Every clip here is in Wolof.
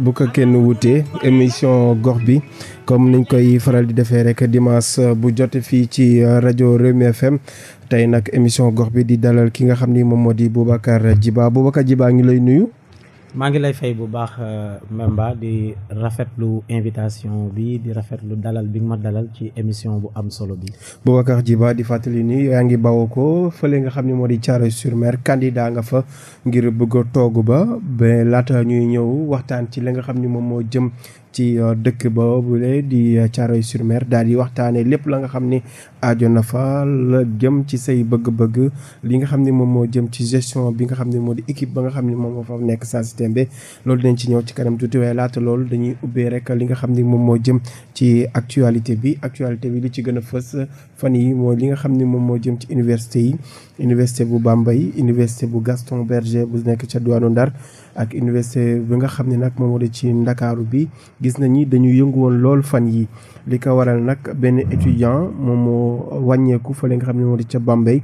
bu ko kenn wutee émission gox bi comme niñ koy faral di defee rek dimanche bu jote fii ci rajo Rewmi FM tey nak émission gox bi di dalal ki nga xam ni moom moo di Boubacar Djiba Boubacar Djiba ngi lay nuyu. maa ngi lay fay bu baax euh, Mbemba di rafetlu invitation bi di rafetlu dalal bi nga ma dalal ci émission bu am solo bi. ji Djiba di fàttali ni yaa ngi bawoo ko fële nga xam ni moo di Thiaroye-sur-Mer candidat nga fa ngir bëgg toog ba ba laata ñuy ñëw waxtaan ci li nga xam ne moom moo jëm ci euh, dëkk boobule di euh, Thiaroye sur Mer daal di waxtaanee lépp la nga xam ni ajo na fa la jëm ci say bëgg-bëgg li nga xam ni moom moo jëm ci gestion bi nga xam ne moo di équipe ba nga xam ni moom moo fa nekk saa si loolu dinañ ci ñëw ci kanam tuuti waaye laata loolu dañuy ubbee rek li nga xam ni moom moo jëm ci actualité bi actualité bi li ci gën a fës fan yi mooy li nga xam ni moom moo jëm ci université yi université bu Bambey université bu Gaston Berger bu nekk ca diwaanu Ndar ak université bi nga xam ne nag moom moo ci ndakaaru bi gis nañ ni dañu yëngu woon lool fan yi li ko waral nag benn étudiant moom moo wàññeeku fële nga xam ne moo di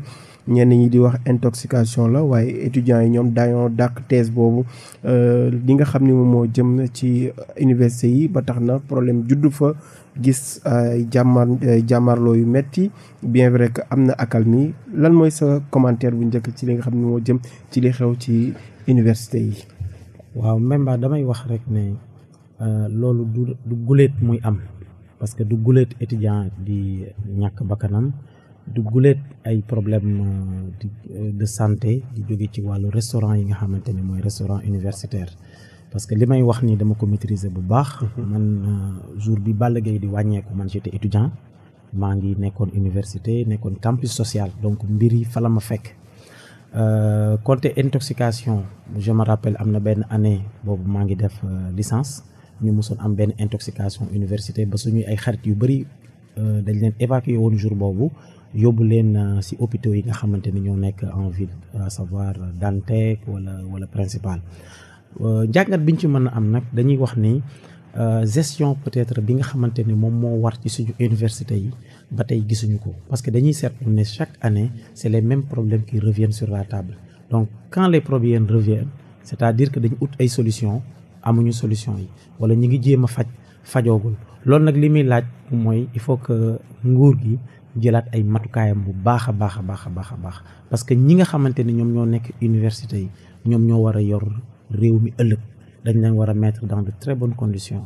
ñenn ñi di wax intoxication la waaye étudiants yi ñoom dañoo dàq thèse boobu euh, li nga xam ni moom moo jëm ci université yi ba tax na problème juddu fa gis ay jàmmar jàmmarloo yu metti bien vrai que am na accalmie lan mooy sa commentaire bu njëkk ci li nga xam ne moo jëm ci li xew ci université yi. waaw Mbemba damay wax rek ne euh, loolu du du guléet muy am parce que du guléet étudiant di ñàkk bakkanam du guléet ay problème euh, euh, de santé di jóge ci wàllu restaurant yi nga xamante ni mooy restaurant universitaire parce que li may wax nii dama ko maîtriser bu baax man jour bi Balla Gaye di wàññeeku man j'étais étudiant maa ngi nekkoon université nekkoon campus social donc mbir yi fa la ma fekk Euh, côté intoxication je me rappelle am na benn année boobu maa ngi def euh, licence ñu mosoon am benn intoxication université ba suñuy ay xarit yu bëri euh, dañ leen évacué woon jour boobu yóbbu leen si hôpitaux yi nga xamante ni ñoo nekk en ville à savoir Dantec wala wala principal njàngat biñ ci mën a am nag dañuy wax ni Euh, gestion peut-être bi nga xamante ni moom moo war ci suñu université yi ba tey gisuñu ko parce que dañuy seet seetlu ne chaque année c'est les même problème qui reviennent sur la table donc quand les problèmes reviennent c'est-à-dire que dañu ut ay solution amuñu solution yi wala ñu ngi jéem a faj fajoogul loolu nag li muy laaj mooy il faut que nguur gi jëlaat ay matukaayam bu baax a baax a baax a baax a parce que ñi nga xamante ni ñoom ñoo nekk université yi ñoom ñoo war a yor réew mi ëllëg dañ leen war a mettre dans de très bonnes conditions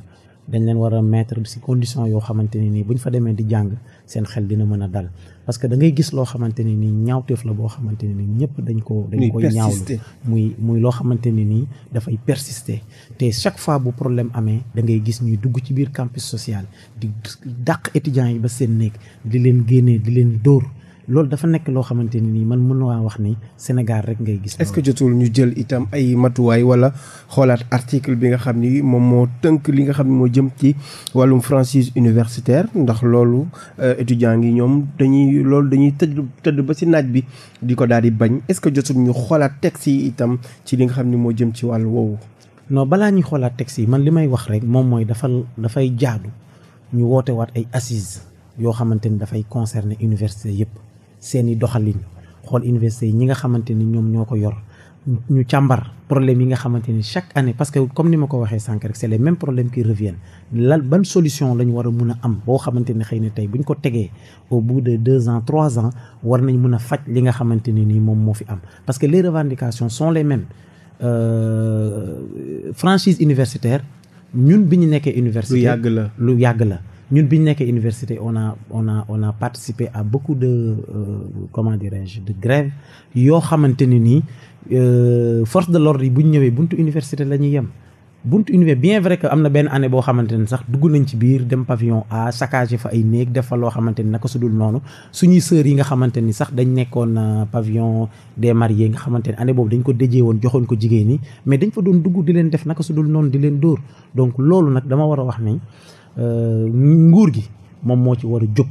dañ leen war a mettre si conditions yoo xamante ne nii bu ñu fa demee di jàng seen xel dina mën a dal parce que da ngay gis loo xamante ne nii ñaawteef la boo xamante ne nii ñëpp dañ ko dañ koy ñaawlu muy muy loo xamante ne nii dafay persister te chaque fois bu problème amee dangay gis ñuy dugg ci biir campus sociale di daq étudiants yi ba seen néeg di leen génnee di leen dóor loolu dafa nekk loo xamante ne nii man mën naa wax ni Sénégal rek ngay gis. est-ce que jotul ñu jël itam ay matuwaay wala xoolaat article bi nga xam ni moom moo tënk li nga xam ni moo jëm ci wàllum franchise universitaire ndax loolu euh, étudiants ngi ñoom dañuy loolu dañuy tëdd tëdd ba si naaj bi di ko daal di bañ est-ce que jotul xoolaat texte yi itam ci li xam ni moo jëm ci wàllu woowu. non balaa ñuy xoolaat texte yi man li may wax rek moom mooy dafa dafay jaadu ñu woote waat ay assises yoo xamante ni dafay concerner université yëpp. seeni doxalin xool université yi ñi nga xamante ni ñoom ñoo ko yor ñu càmbar problème yi nga xamante ni chaque année parce que comme ni ma ko waxee sànq rek c'est les mêmes problèmes qui reviennent lan ban solution la ñu war a mun a am boo xamante ni xëy na tey bu ñu ko tegee au bout de deux ans trois ans war nañ mun a faj li nga xamante ni nii moom moo fi am parce que les revendications sont les mêmes euh, franchise universitaire ñun bi ñu nekkee université lu yàgg la lu yàgg la ñun bi ñu nekkee université on a on a on a participé à beaucoup de euh, comment je de grève yoo xamante ne nii euh, force de l'ordre yi bu ñu ñëwee buntu université la ñuy yem buntu université bien vrai que am na benn année boo xamante ne sax dugg nañ ci biir dem pavillon A saccagé fa ay néeg def fa loo xamante ni naka su dul noonu suñuy sœurs yi nga xamante ni sax dañ nekkoon euh, pavillon des mariés nga xamante ne année boobu dañ ko déjee woon joxoon ko jigéen ñi mais dañ fa doon dugg di leen def naka su dul noonu di leen dóor donc loolu nag dama war a wax ni Euh, nguur gi moom moo ci war a jóg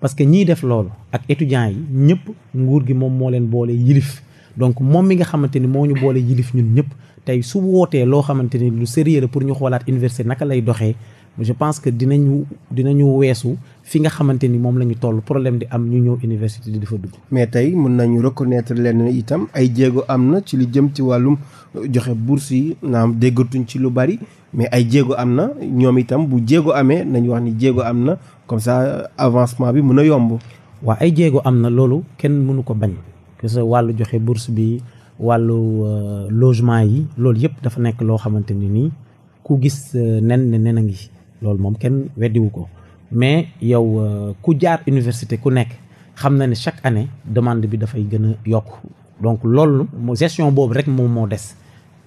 parce que ñiy def loolu ak étudiants yi ñëpp nguur gi moom moo leen boole yilif donc moom mi nga xamante ni moo ñu boole yilif ñun ñëpp tey su wootee loo xamante ni lu sérieux la pour ñu xoolaat université naka lay doxee je pense que dinañu dinañu weesu fi nga xamante ni moom la ñu toll problème di am ñu ñëw université di dafa dugg. mais tey mun nañu reconnaître leen itam ay jéego am na ci lu jëm ci wàllum joxe bourse yi am déggatuñ ci lu bari mais ay jéego am na ñoom itam bu jéego amee nañu wax ni jéego am na comme ça avancement bi mun a yomb. waaw ay jéego am na loolu kenn mënu ko bañ que ce wàllu joxe bourse bi wàllu euh, logement yi loolu yëpp dafa nekk loo xamante ni nii ku gis euh, nen ne nen ngi. loolu moom kenn weddiwu ko mais yow euh, ku jaar université ku nekk xam na ne chaque année demande bi dafay gën a yokk donc loolu gestion boobu rek moom moo des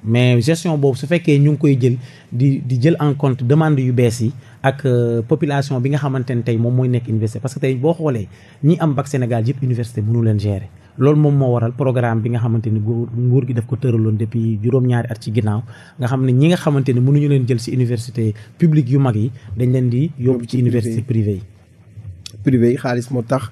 mais gestion boobu su fekkee ñu ngi koy jël di di jël en compte demande yu bees yi ak euh, population bi nga xamante ne tey moom mooy nekk université parce que tey boo xoolee ñi am bac Sénégal yëpp université nu leen gérer loolu moom moo waral programme bi nga xamante ni nguur gi daf ko tëraloon depuis juróom-ñaari at ci ginnaaw nga xam ne ñi nga xamante ni mënuñu leen jël si université publique yu mag yi dañ leen di yóbbu ci université privé yi privé yi xaalis moo tax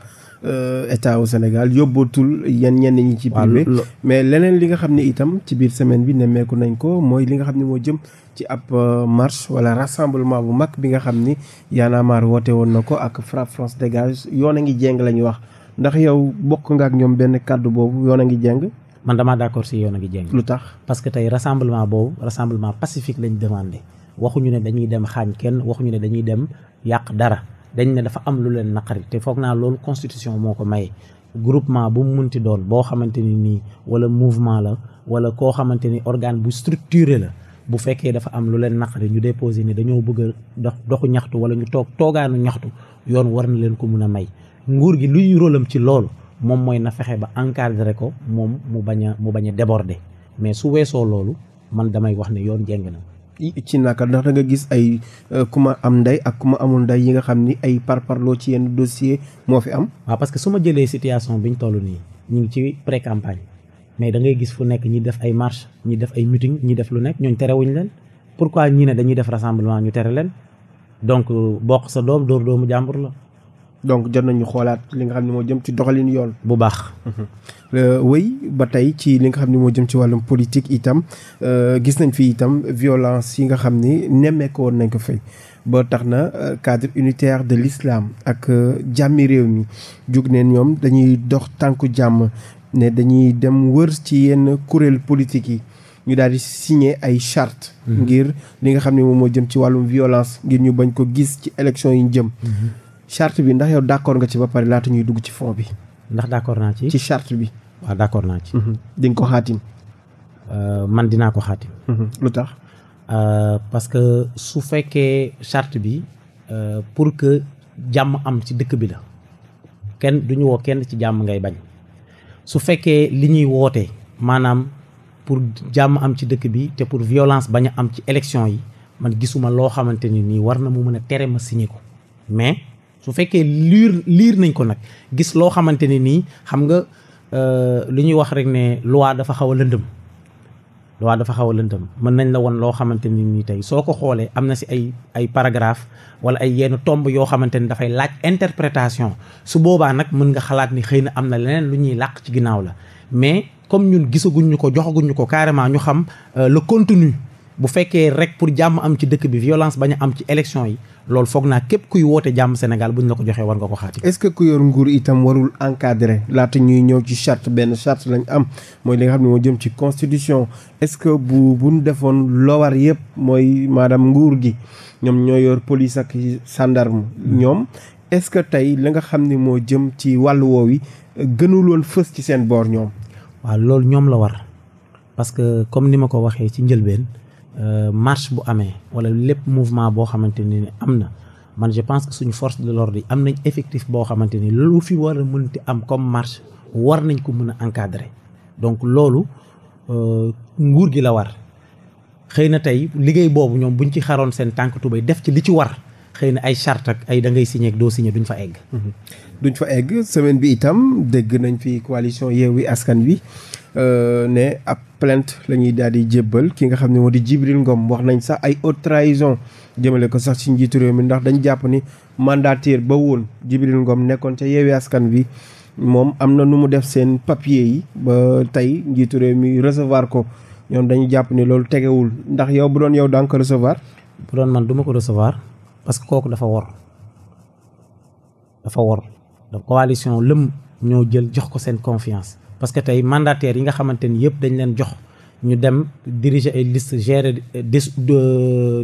euh, état au Sénégal yóbbootul yenn ñenn ñi ci privé mais leneen li nga xam ne itam ci biir semaine bi nemmeeku nañ ko mooy li nga xam ne moo jëm ci ab euh, marche wala rassemblement bu mag bi nga xam ni Y'en a marre woote woon na ko ak FRAPP France dégage yoon a ngi jéng la ñuy wax ndax yow bokk nga ak ñoom benn kàddu boobu yoon a ngi jeng. man damaa d'accord si yoon a ngi jeng. lu tax parce que tey rassemblement boobu rassemblement pacifique lañ demande waxuñu ne dañuy dem xaañ kenn waxuñu ne dañuy dem yàq dara dañ ne dafa am lu leen naqari te foog naa loolu constitution moo ko may groupement bu mu munti doon boo xamante ni nii wala mouvement la wala koo xamante ni organe bu structuré la. bu fekkee dafa am lu leen naqari ñu déposé ni dañoo bëgg dox doxu ñaxtu wala ñu toog toogaanu ñaxtu yoon war na leen ko mun a may nguur gi luy rôlam ci loolu moom mooy na fexe ba encadré ko moom mu bañ a mu bañ a déborder mais su weesoo loolu man damay wax ne yoon jeng na. ci naka ndax da nga gis ay euh, ku ma am ndey ak ku ma amul ndey yi nga xam ni ay loo ci yenn dossier moo fi am. waaw parce que su ma jëlee situation ñu toll nii ñu ngi ci pré campagne mais da ngay gis fu nekk ñi def ay marche ñi def ay meeting ñi def lu nekk ñooñ terewuñ leen pour pourquoi ñi ne dañuy def rassemblement ñu tere leen donc euh, bokk sa doom dóor doomu la. donc jot nañu xoolaat li nga xam ne moo jëm ci doxalin yoon. bu baax. Euh, wéy ba tey ci li nga xam ne moo jëm ci wàllum politique itam euh, gis nañ fi itam violence yi nga xam ni nemmeeku woon nañ ko fay ba tax na euh, cadre unitaire de l'islam ak jàmmi réew mi jug neen ñoom dañuy dox tànku jàmm ne dañuy dem wër ci yenn kuréel politique yi. ñu daal di signé ay charte mm-hmm. ngir li nga xam ne moom moo jëm ci wàllum violence ngir ñu bañ ko gis ci élection yi ñu jëm. Mm-hmm. charte bi ndax yow d'accord nga ci ba pare laata ñuy dugg ci fond bi. ndax d'accord naa ci. ci charte bi. waa d'accord naa ci. Mhm. di nga ko xaatim. Euh, man dinaa ko xaatim. Mhm. lu tax. Euh, parce que su fekkee charte bi euh, pour que jàmm am ci dëkk bi la kenn du ñu woo kenn ci jàmm ngay bañ su fekkee li ñuy woote maanaam pour jàmm am ci dëkk bi te pour violence bañ a am ci élection yi man gisuma loo xamante ni nii war na mu mën a tere ma signé ko mais. su fekkee liir liir nañ ko nag gis loo xamante ne nii xam nga euh, lu ñuy wax rek ne loi dafa xaw a lëndëm loi dafa xaw a lëndëm mën nañ la woon loo xamante ne nii tey soo ko xoolee am na si ay ay paragraphe wala ay yenn tomb yoo xamante ni dafay laaj interprétation su boobaa nag mën nga xalaat ni xëy na am na leneen lu ñuy làq ci ginnaaw la mais comme ñun gisaguñ ñu ko joxaguñu ko carrément ñu xam euh, le contenu bu fekkee rek pour jàmm am ci dëkk bi violence bañ a am ci élection yi loolu foog naa képp kuy woote jàmm Sénégal buñ la ko joxee war nga ko xaati. est-ce que ku yor nguur itam warul encadrer laata ñuy ñëw ci charte benn charte lañ am mooy li nga xam ne moo jëm ci constitution est-ce que bu bu ñu defoon lowar yëpp mooy maanaam nguur gi ñoom ñoo yor police ak gendarme ñoom est-ce que tey li nga xam ni moo jëm ci wàllu woow yi gënul fës ci seen boor ñoom. waaw loolu ñoom la war parce que comme ni ma ko waxee ci njëlbeen. Euh, marche bu amee wala lépp mouvement boo xamante ne ni am na man je pense que suñu force de l'ordre am nañ effectif boo xamante ni lu fi war a mënti am comme marche war nañ ko mën a encadrer donc loolu euh, nguur gi la war xëy na tey liggéey boobu ñoom buñ ci xaroon seen tànk tubéy def ci li ci war xëy na ay charte ak ay da ngay signé ak doo signé duñ fa egg. Mm-hmm. duñ fa egg semaine bi itam dégg nañ fi coalition Yewwi Askan Wi. Euh, ne ab plainte la ñuy daal di jébbal ki nga xam ne moo di Jibril Ngom wax nañ sax ay haute trahison jëmale ko sax ci njiitu réew mi ndax dañ jàpp ni mandataire ba woon Jibril Ngom nekkoon ca yeewee askan bi moom am na nu mu def seen papier yi ba tey njiitu réew mi recevoir ko ñoom dañu jàpp ni loolu tegewul ndax yow bu doon yow danga ko recevoir. bu doon man duma ko recevoir parce que kooku dafa wor dafa war donc coalition lëm ñoo jël jox ko seen confiance. parce que tey mandataires yi nga xamante ni yëpp dañ leen jox ñu dem diriger ay liste gérer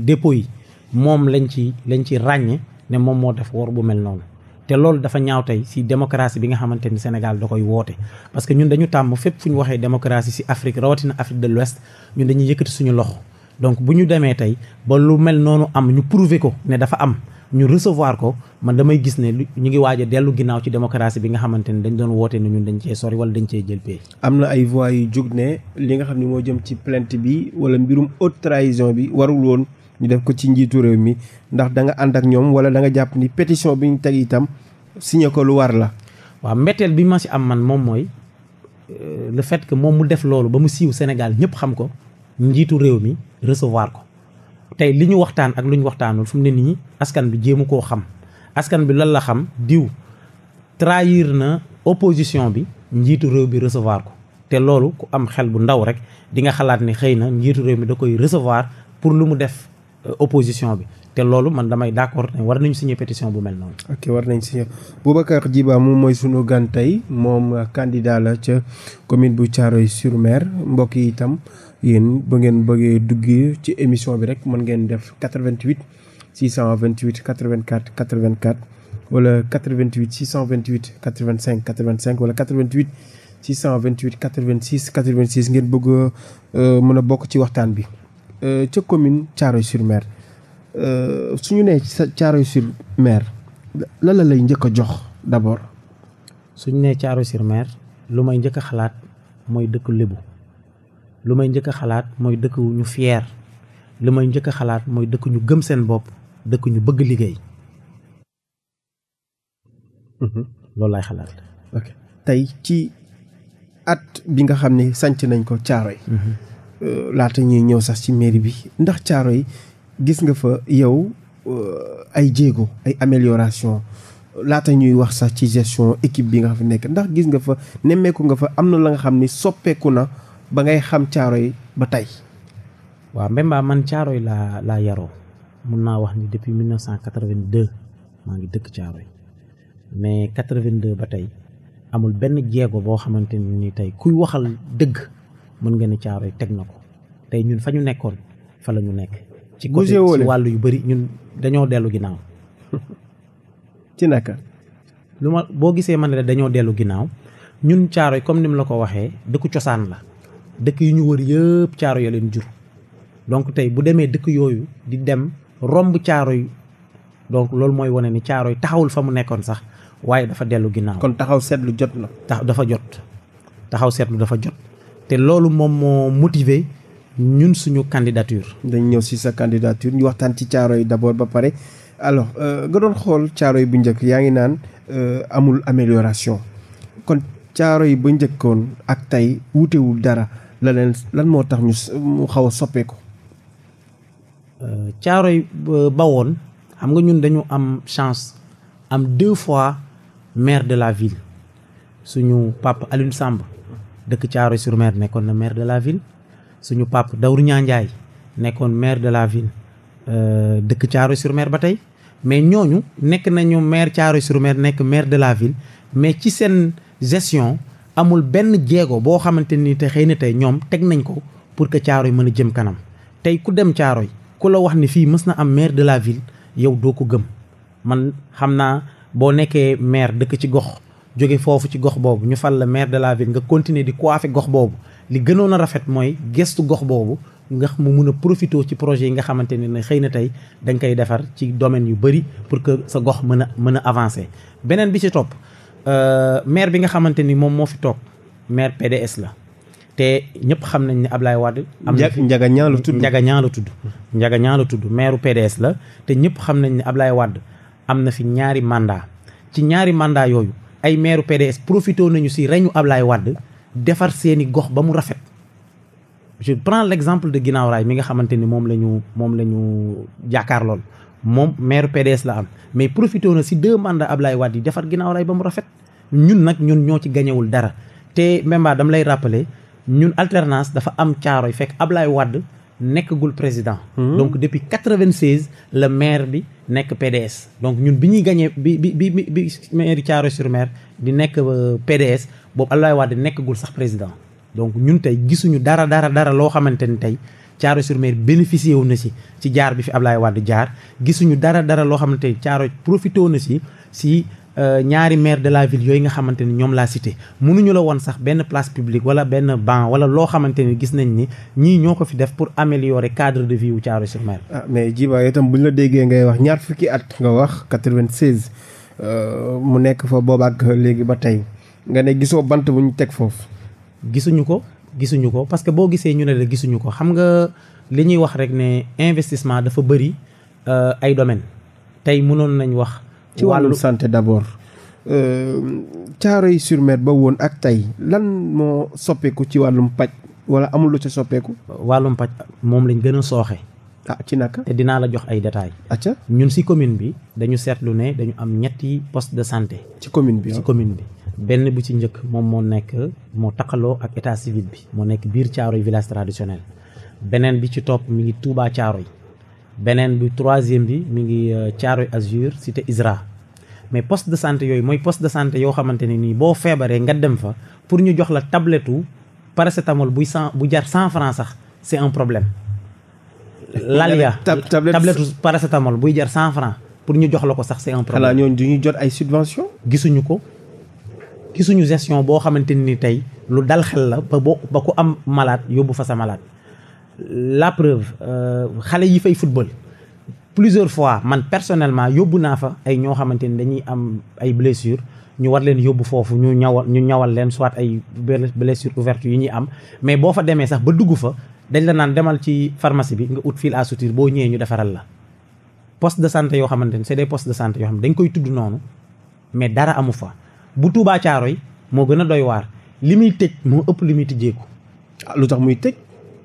dépôt yi moom lañ ci lañ ci ràññee ne moom moo def wor bu mel noonu te loolu dafa ñaaw tey si démocratie bi nga xamante ni Sénégal da koy woote parce que ñun dañu tàmm fépp fu ñu waxee démocratie si Afrique rawatina Afrique de l'Ouest ñun dañuy yëkkati suñu loxo donc bu ñu demee tey ba lu mel noonu am ñu prouver ko ne dafa am ñu recevoir ko man damay gis ne ñu ngi waaj a dellu ginnaaw ci démocratie bi nga xamante ne dañ doon woote ne dañ cee sori wala dañ cee jël pay. am na ay voix yu jóg ne li nga xam ne moo jëm ci plainte bi wala mbirum haute bi warul woon ñu def ko ci njiitu réew mi ndax da nga ànd ak ñoom wala danga jàpp ni pétition bi ñu teg itam signé ko lu war la. waaw mbetteel bi ma si am man moom mooy euh, le fait que moom mu def loolu ba mu siiw Sénégal ñëpp xam ko njiitu réew mi recevoir ko. tey li ñu waxtaan ak lu ñu waxtaanul fu mu ne nii askan bi jéemu koo xam askan bi lan la xam diw trahir na opposition bi njiitu réew bi recevoir ko te loolu ku am xel bu ndaw rek di nga xalaat ni xëy na njiitu réew mi da koy recevoir pour lu mu def euh, opposition bi te loolu man damay d'accord ne war nañu signer pétition bu mel noonu. ok war nañ signer Boubacar Djiba moom mooy sunu gan tey moom candidat la ca commune bu Thiaroye-sur-Mer mbokk yi itam yéen ba ngeen bëggee duggee ci émission bi rek mën ngeen def 88 628 84 84 wala 88 628 85 85 wala 88. 628 86 86 ngeen bëgg euh, mën a bokk ci waxtaan bi euh, ca commune thiaroye sur Euh, su ñu nee ci sa Thiaroye sur Mer lay njëkk a jox d'abord. su ñu nee caaro sur Mer lu may njëkk a xalaat mooy dëkk lébu lu may njëkk xalaat mooy dëkk ñu fier lu may njëkk xalaat mooy dëkk ñu gëm seen bopp dëkk ñu bëgg liggéey. Mhm. loolu lay xalaat. tey ci at bi nga xam ni sanc nañ ko Thiaroye. Mhm. Euh, laata ñuy ñëw sax ci mairie bi ndax caaro yi gis nga fa yow euh, ay jéego ay amelioration laata ñuy wax sax ci gestion équipe bi nga xam nekk ndax gis nga fa nemmeeku nga fa am na la nga xam ni soppeeku na ba ngay xam caaro yi ba tey. waaw Mbemba man caaro yi laa laa yaroo mun naa wax ni depuis 1982 maa ngi dëkk caaro yi mais 82 ba tey amul benn jéego boo xamante ni tey kuy waxal dëgg mën nga ne caaro yi teg na ko tey ñun fa ñu nekkoon fa la ñu nekk. ci côté ci wàllu yu bëri ñun dañoo dellu ginnaaw. ci naka. lu ma boo gisee man la dañoo dellu ginnaaw ñun caaro yi comme ni mu la ko waxee dëkku cosaan la dëkk yu ñu wër yëpp caaro yoo leen jur. donc tey bu demee dëkk yooyu di dem romb caaro yi donc loolu mooy wane ni caaro yi taxawul fa mu nekkoon sax waaye dafa dellu ginnaaw. kon taxaw seetlu jot na. tax dafa jot taxaw seetlu dafa jot te loolu moom moo motiver. ñun suñu candidature. dañ ñëw si sa candidature ñu waxtaan ci caaro yi d' abord ba pare alors euh, nga doon xool caaro yi bu njëkk yaa ngi naan euh, amul amélioration kon caaro yi ba njëkkoon ak tey wutewul dara la lan moo tax ñu mu xaw a soppeeku. Euh, caaro yi bawoon xam nga ñun dañu am chance am deux fois maire de la ville suñu papa Alioune Samb dëkk caaro sur mer nekkoon na maire de la ville. suñu pap Dawru Ñaanjaay nekkoon maire de la ville euh, dëkk Thiaroye sur ba tey mais ñooñu nekk nañu maire Thiaroye sur nekk maire de la ville mais ci seen gestion amul benn jéego boo xamante ni te xëy na tey ñoom teg nañ ko pour que Thiaroye mën a jëm kanam tey ku dem Thiaroye ku la wax ni fii mës na am maire de la ville yow doo ko gëm man xam naa boo nekkee maire dëkk ci gox jóge foofu ci gox boobu ñu fal la maire de la ville nga continuer di coiffer gox boobu li gënoon a rafet mooy gestu gox boobu nga mu mun a profité ci projet yi nga xamante ne ne xëy na tey da koy defar ci domaine yu bëri pour que sa gox mën a mën a avancer. beneen bi ci topp euh, maire bi nga xamante ni moom moo fi toog maire PDS la te ñëpp xam nañ ne Ablaye Wade. am na Njaga Ñaan la tudd Njaga Ñaan la tudd. Njaga Ñaan tudd maire PDS la te ñëpp xam nañ ne Ablaye Wade am na fi ñaari mandat ci ñaari mandat yooyu. ay maire PDS profité nañu si reñu Ablaye Wade defar seeni gox ba mu rafet je prends l'exemple de Guinaw mi nga xamante ni moom la ñu moom la ñu jaakaar lool moom maire PDS la am mais profité na si deux mandats Ablaye Wade yi defar Guinaw Rail ba mu rafet ñun nag ñun ñoo ci gañewul dara te Mbemba dam lay rappeler ñun alternance dafa am caaro caaroy fekk Ablaye Wade nekk gul président. Hmm? donc depuis quatre-vingt-seize la maire bi nekk PDS. donc ñun bi ñuy gañee bi bi bi bi maire Thiaroye-sur-Mer di nekk euh, PDS boobu Abdoulaye Wade nekkagul sax président. donc ñun tey gisuñu dara dara dara loo xamante ni tey Thiaroye-sur-Mer wu na si ci jaar bi fi Abdoulaye Wade jaar gisuñu dara dara loo xamante ni Thiaroye profité wu na si si. Euh, ñaari maire de la ville yooyu nga xamante ni ñoom laa cité mënuñu la woon sax benn place publique wala benn banc wala loo xamante ni gis nañ ni ñii ñoo ko fi def pour améliorer cadre de vie wu Thiaroye sur Mer. ah mais Djiba itam bu ñu la déggee ngay wax ñaar fukki at nga wax 96 euh, mu nekk fa ak léegi ba tey nga ne gisoo bant bu ñu teg foofu. gisuñu ko gisuñu ko parce que boo gisee ñu ne la gisuñu ko xam nga li ñuy wax rek ne investissement dafa bëri euh, ay domaines tey mënoon nañ wax. ci wàllu santé d'abord. Euh, Caaroy sur Mer ba woon ak tey lan moo soppeeku ci wàllum paj wala amul lu ca soppeeku. wàllum paj moom lañ gën a sooxe. ah ci naka. te dinaa la jox ay détails. acca ñun si commune bi dañu seetlu ne dañu am ñetti poste de santé. ci commune bi commune bi. benn bu ci njëkk moom moo nekk moo taqaloo ak état civil bi. moo nekk biir caaro Caaroy village traditionnel beneen bi ci topp mi ngi tuubaa caaro yi beneen bi troisième bi mu ngi euh, Thiaroye Azur cité ISRA mais poste de santé yooyu mooy poste de santé yoo xamante ne nii boo feebaree nga dem fa pour ñu jox la tablette u paracétamol buy cent bu jar cent franc sax c'est un problème. lal lalia tablette paracétamol buy jar cent franc pour ñu jox la ko sax c'est un problème. xanaa ñooñu du ñu jot ay subventions. gisuñu ko gisuñu gestion boo xamante ni tey lu dal xel la ba ba ku am malaat yóbbu fa sa malade. la preuve euh, xale yi fay football plusieurs fois man personnellement yóbbu naa fa ay ñoo xamante ni dañuy am ay blessures ñu war leen yóbbu foofu ñu ñawal ñu ñawal leen soit ay blessures ouvertes yu ñuy am mais boo fa demee sax ba dugg fa dañ la naan demal ci pharmacie bi nga ut fil à suture boo ñëwee ñu defaral la poste de santé yoo xamante ni c'est des postes de santé yoo xam dañ koy tudd noonu mais dara amu fa bu caaro yi moo gën a doy waar li muy tëj moo ëpp li muy tijjeeku. Ah, lu tax muy tëj.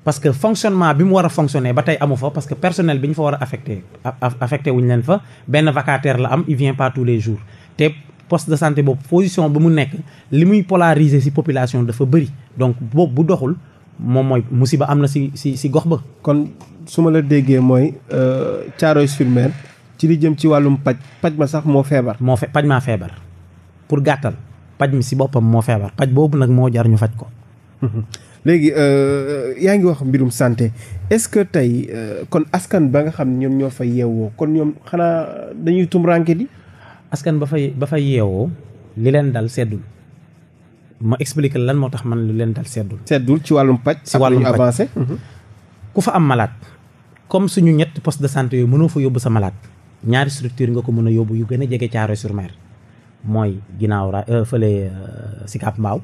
parce que fonctionnement bi mu war a fonctionner ba tey amu fa parce que personnel bi ñu fa war a affecté leen fa benn vacataire la am il vient pas tous les jours te poste de santé boobu position ba mu nekk li muy polariser ci population dafa bëri donc boobu bu doxul moom mooy musiba am na si si ci gox ba. kon su ma la déggee mooy euh, Thiaroye-sur-Mer ci li jëm ci wàllum paj paj ma sax moo feebar. moo fe paj maa feebar pour gàttal paj mi si boppam moo feebar paj boobu nag moo jar ñu faj ko. léegi euh, euh, yaa ngi wax mbirum santé est-ce que tey euh, kon askan ba nga xam ñoom ñoo fa yeewoo kon ñoom xanaa dañuy tum ranke di askan ba fay ba fay yeewoo li leen dal seddul ma expliquer lan moo tax man lu leen dal seddul seddul ci wàllum paj ci wàllum avancé mhm. ku fa am malaat comme suñu ñetti poste de santé yooyu mënoo fa yóbbu sa malaat ñaari structure nga ko mën a yóbbu yu gën a jege Thiaroye sur Mer mooy ginnaaw ra fële Sicap Mbao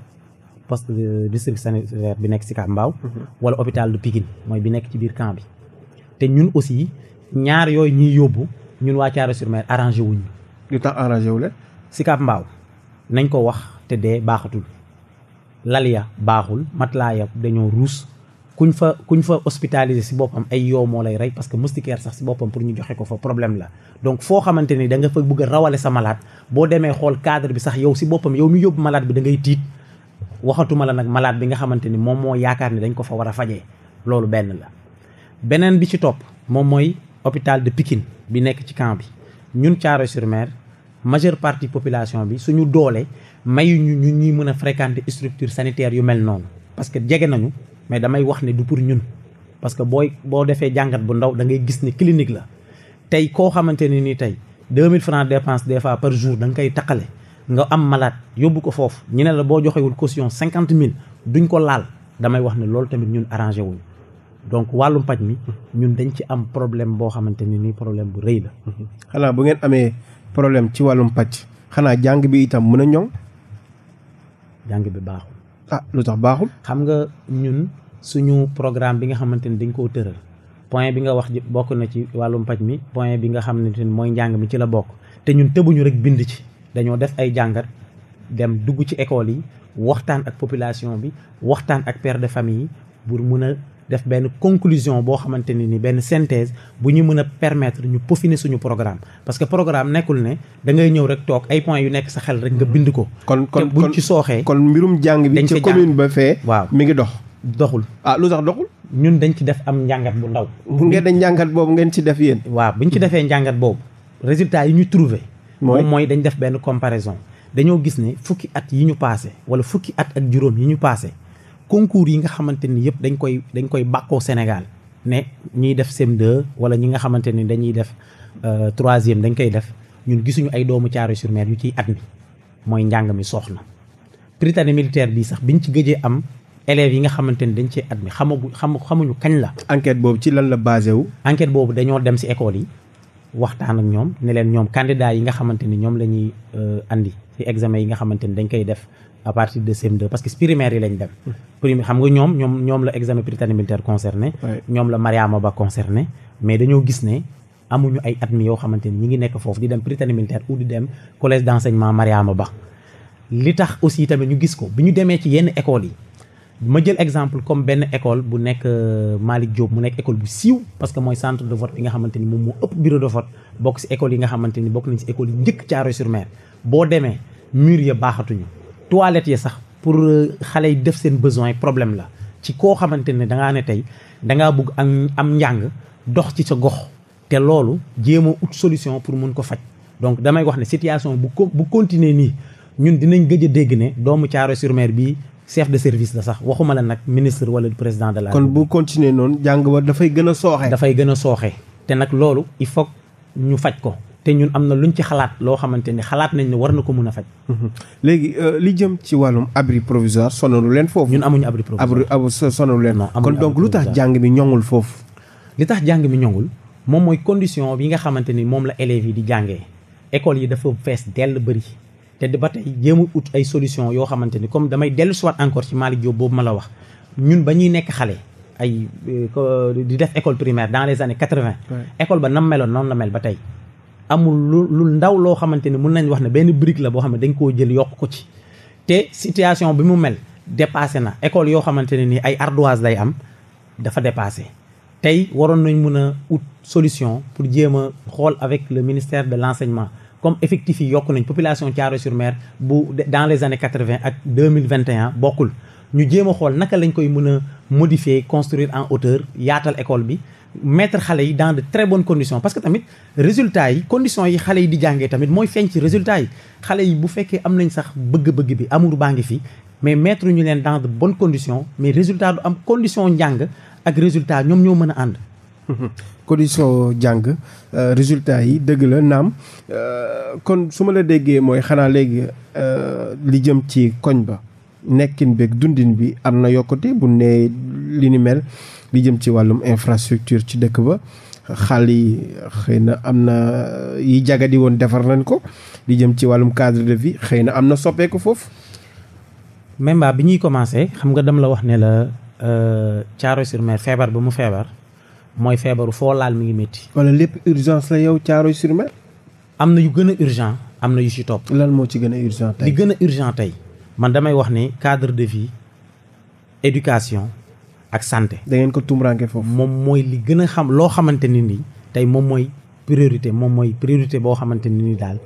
poste de district sanitaire bi nekk si Sicap Mbao mhm. wala hôpital de Pikine mooy bi nekk ci biir camp bi te ñun aussi ñaar yooyu ñuy yóbbu ñun waa Thiaroye sur Mer arrangé wuñu lu tax arrangé wu la Sicap mbaaw nañ ko wax te dee baaxatul lal ya baaxul matelas ya dañoo ruus kuñ fa kuñ fa hospitalisé si boppam ay yow moo lay rey parce que moustiquaire sax si boppam pour ñu joxe ko fa problème la donc foo xamante ni da nga fa bëgg a rawale sa malade boo demee xool cadre bi sax yow si boppam yow mi yóbbu malade bi da ngay tiit waxatuma la nag malaat bi nga xamante ni moom moo yaakaar ni dañ ko fa war a fajee loolu benn la beneen bi ci topp moom mooy hôpital de Pikine bi nekk ci camp bi ñun Thiaroye-sur-Mer majeure partie population bi suñu doole mayuñu ñu ñu ñuy mën a fréquenter structure sanitaire yu mel noonu parce que jege nañu mais damay wax ne du pour ñun parce que booy boo defee jàngat bu ndaw da ngay gis ni clinique la tey koo xamante ne ni tey 2000 francs dépense des fois par jour da nga koy taqale nga am malaat yóbbu ko foofu ñu la boo joxewul caution cinquante mille duñ ko laal damay wax ne loolu tamit ñun arrangé wuñu donc wàllum mpaj mi ñun dañ ci am problème boo xamante ni nii problème bu rëy la. xanaa bu ngeen amee problème ci wàllum paj xanaa jàng bi itam mën a ñoŋ. jàng bi baaxul. Ah, lu tax baaxul. xam nga ñun suñu programme bi nga xamante ni dañ koo tëral point bi nga wax bokk na ci wàllu paj mi point bi nga xam ne mooy njàng mi ci la bokk te ñun tëbuñu rek bind ci. dañoo def ay jàngat dem dugg ci école yi waxtaan ak population bi waxtaan ak per de famille yi pour mun a def benn conclusion boo xamante ni ni benn synthèse bu ñu mën a permettre ñu peaufiner suñu programme parce que programme nekkul ne dangay ñëw rek toog ay point yu nekk sa xel rek nga bind ko. kon kon buñ ci sooxee. kon mbirum jàng bi ci commune ba fee. waaw mi ngi dox. doxul ah lu tax doxul. ñun dañ ci def am njàngat bu ndaw. mu ngeen dañ njàngat boobu ngeen ci def yéen. waaw bu ñu ci defee njàngat boobu résultat yi ñu trouvé. moom mooy dañ def benn comparaison dañoo gis ne fukki at yi ñu paase wala fukki at ak juróom yi ñu paase concours yi nga xamante ni yëpp dañ koy dañ koy bàkkoo Sénégal ne ñiy def CM2 wala ñi nga xamante ni dañuy def euh, troisième dañ koy def ñun gisuñu ay doomu Thiaroye sur Mer yu ciy at mi mooy njàng mi soox na Prytanée militaire bii sax bi ñu ci gëjee am élèves yi nga xamante ni dañ ci at mi xamagu xam xamuñu kañ la enquête boobu ci lan la basé wu enquête boobu dañoo dem si école yi waxtaan ak ñoom ne leen ñoom candidat yi nga xamante ni ñoom la ñuy euh, andi ci examen yi nga xamante ni dañ koy def à partir de CM2 parce que si primaire yi lañu dem. Hmm. primaire xam nga ñoom ñoom ñoom la examen prytanée militaire concerné. ñoom la Mariama Ba concerné mais dañoo gis ne. amuñu ay at mi yoo xamante ni ñi ngi nekk foofu di dem Prytanée militaire ou di dem collège d'enseignement Mariama Ba li tax aussi tamit ñu gis ko bi ñu demee ci yenn école yi ma jël exemple comme benn école bu nekk euh, Malick Diop mu nekk école bu siiw parce que mooy centre de vote bi nga xamante ni moom moo ëpp bureau de vote bokk ci école yi nga xamante ni bokk nañ ci école yi njëkk thiaroye sur boo demee mur ya baaxatuñu toilettes ya sax pour euh, xale yi def seen besoin problème la ci koo xamante ne dangaa ne tey dangaa bugg am njàng dox ci sa gox te loolu jéem a ut solution pour mun ko faj donc damay wax ne situation bu bu continuer nii ñun dinañ gëj dégg ne doomu thiaroye bii chef de service la sax waxuma la nag ministre wala président de la. kon bu continuer noonu jàng ba dafay gën a sooxe. dafay gën a sooxe te nag loolu il faut ñu faj ko. te ñun am na lu ñu ci xalaat loo xamante ni xalaat nañ ne war na ko mën a faj. Mhm. léegi euh, li jëm ci wàllum abri provisoire sonalu leen foofu. ñun amuñu abri provisoire abri sonalu leen. kon donc lu tax jàng bi ñoŋul foofu. li tax jàng bi ñoŋul moom mooy condition yi nga xamante ni moom la élèves yi di jàngee école yi dafa fees dell bëri. te ba tey jéem a ut ay solution yoo xamante ni comme damay dellu siwaat encore ci Malick Diop boobu ma la wax ñun ba ñuy nekk xale ay euh, di def école primaire dans les années quatre-vingt école ba na meloon noonu la mel ba tey amul lu lu ndaw loo xamante ni mun nañ wax ne benn brique la boo xam ne dañ koo jël yokk ko ci te situation bi mu mel dépassé na école yoo xamante ne ni ay ardoise lay am dafa dépassé tey waroon nañ mun a ut solution pour jéem a xool avec le ministère de l'enseignement comme effectif yi yokku nañ population Thiaroye sur Mer bu dans les années quatre vingt ak deux mille vingt et bokkul ñu jéem a xool naka lañ koy mën a modifier construire en hauteur yaatal école bi mettre xale yi dans de très bonnes conditions parce que tamit résultat yi condition yi xale yi di jàngee tamit mooy feeñ ci résultat yi xale yi bu fekkee am nañ sax bëgg-bëgg bi amour baa ngi fi mais mettre ñu leen dans de bonnes conditions mais résultat du am condition njàng ak résultat ñoom ñoo mën a ànd codition jàng euh, résultat yi dëgg la naam euh, kon su ma la déggee mooy xanaa léegi euh, li jëm ci koñ ba nekkin beeg dundin bi am na yokkute bu ne li ni mel li jëm ci wàllum infrastructure ci dëkk ba xal yi xëy na am na yi jagadi woon defar nañ ko li jëm ci wàllum cadre de vie xëy na am na soppeeku foofu. Mbemba bi ñuy commencé xam nga dem la wax ne la Thiaroye sur feebar ba mu feebar. mooy feebaru foo laal mi ngi métti. wala lépp urgence sa yow caaroy sur mer. am na yu gën a urgent am na yu ci topp. lan moo ci gën a urgent tey. li gën a urgent tey man damay wax ni cadre de vie éducation ak santé. da ngeen ko tumuraanke foofu. moom mooy li gën a xam loo xamante ni nii tey moom mooy priorité moom mooy priorité boo xamante ni nii daal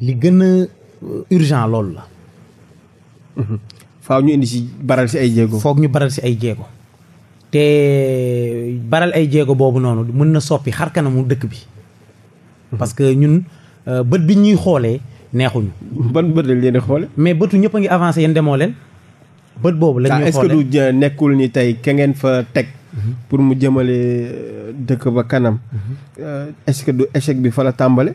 li gën a euh, urgent loolu la. faaw ñu indi ci baral ci ay jéego. foog ñu baral ci ay jéego. te baral ay jéego boobu noonu mën na soppi xar kanamu dëkk bi mhm. parce que ñun euh, bët bi ñuy xoolee neexuñu. ban bët lañ leen xoole mais bëtu ñëpp a ngi avancé yéen demoo leen bët boobu la ñuy xoolee est nekkul ni tey ka ngeen fa teg mhm. pour mu jëmale euh, dëkk ba kanam mhm. euh, est-ce que du échec bi fa la tàmbale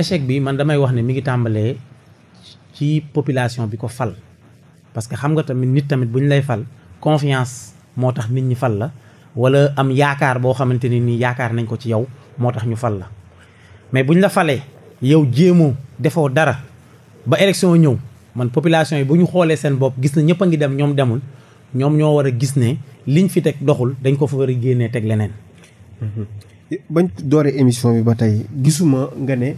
échec bi man damay wax ne mi ngi tàmbalee ci population bi ko fal parce que xam nga tamit nit tamit bu ñu lay fal confiance moo tax nit ñi fal la wala am yaakaar boo xamante ne nii yaakaar nañ ko ci yow moo tax ñu fal la mais buñ la falee yow jéemoo defoo dara ba élection ñëw man population yi bu ñu xoolee seen bopp gis na ñëpp a ngi dem ñoom demul ñoom ñoo war a gis ne liñ fi teg doxul dañ ko fa war a génnee teg leneen. Mm-hmm. bañ doore émission bi ba tey gisuma nga ne